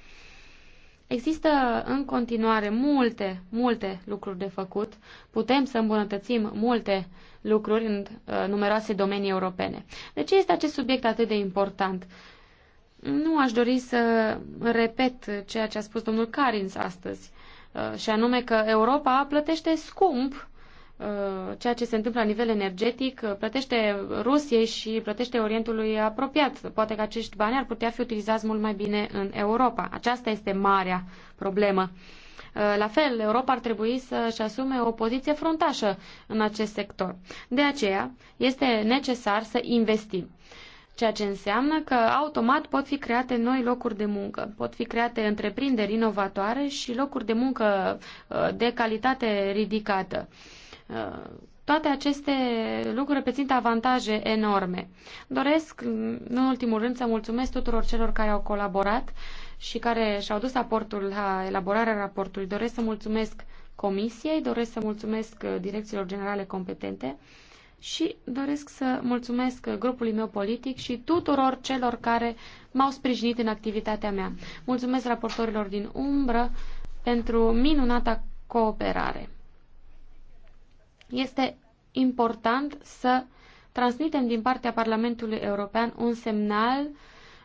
Există în continuare multe, multe lucruri de făcut. Putem să îmbunătățim multe lucruri în uh, numeroase domenii europene. De ce este acest subiect atât de important? Nu aș dori să repet ceea ce a spus domnul Carins astăzi, uh, și anume că Europa plătește scump Uh, ceea ce se întâmplă la nivel energetic uh, plătește Rusiei și plătește Orientului apropiat. Poate că acești bani ar putea fi utilizați mult mai bine în Europa. Aceasta este marea problemă. Uh, la fel, Europa ar trebui să-și asume o poziție fruntașă în acest sector. De aceea, este necesar să investim ceea ce înseamnă că automat pot fi create noi locuri de muncă, pot fi create întreprinderi inovatoare și locuri de muncă de calitate ridicată. Uh, toate aceste lucruri reprezintă avantaje enorme. Doresc, în ultimul rând, să mulțumesc tuturor celor care au colaborat și care și-au dus aportul la elaborarea raportului. Doresc să mulțumesc Comisiei, doresc să mulțumesc direcțiilor generale competente și doresc să mulțumesc grupului meu politic și tuturor celor care m-au sprijinit în activitatea mea. Mulțumesc raportorilor din umbră pentru minunata cooperare. Este important să transmitem din partea Parlamentului European un semnal,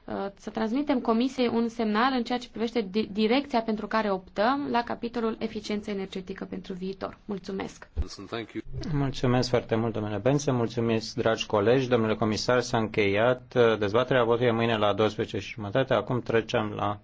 uh, să transmitem Comisiei un semnal în ceea ce privește direcția pentru care optăm la capitolul eficiență energetică pentru viitor. Mulțumesc! Mulțumesc foarte mult, domnule Bențe, mulțumesc, dragi colegi, domnule comisar, s-a încheiat uh, dezbaterea votului mâine la 12.30, și acum trecem la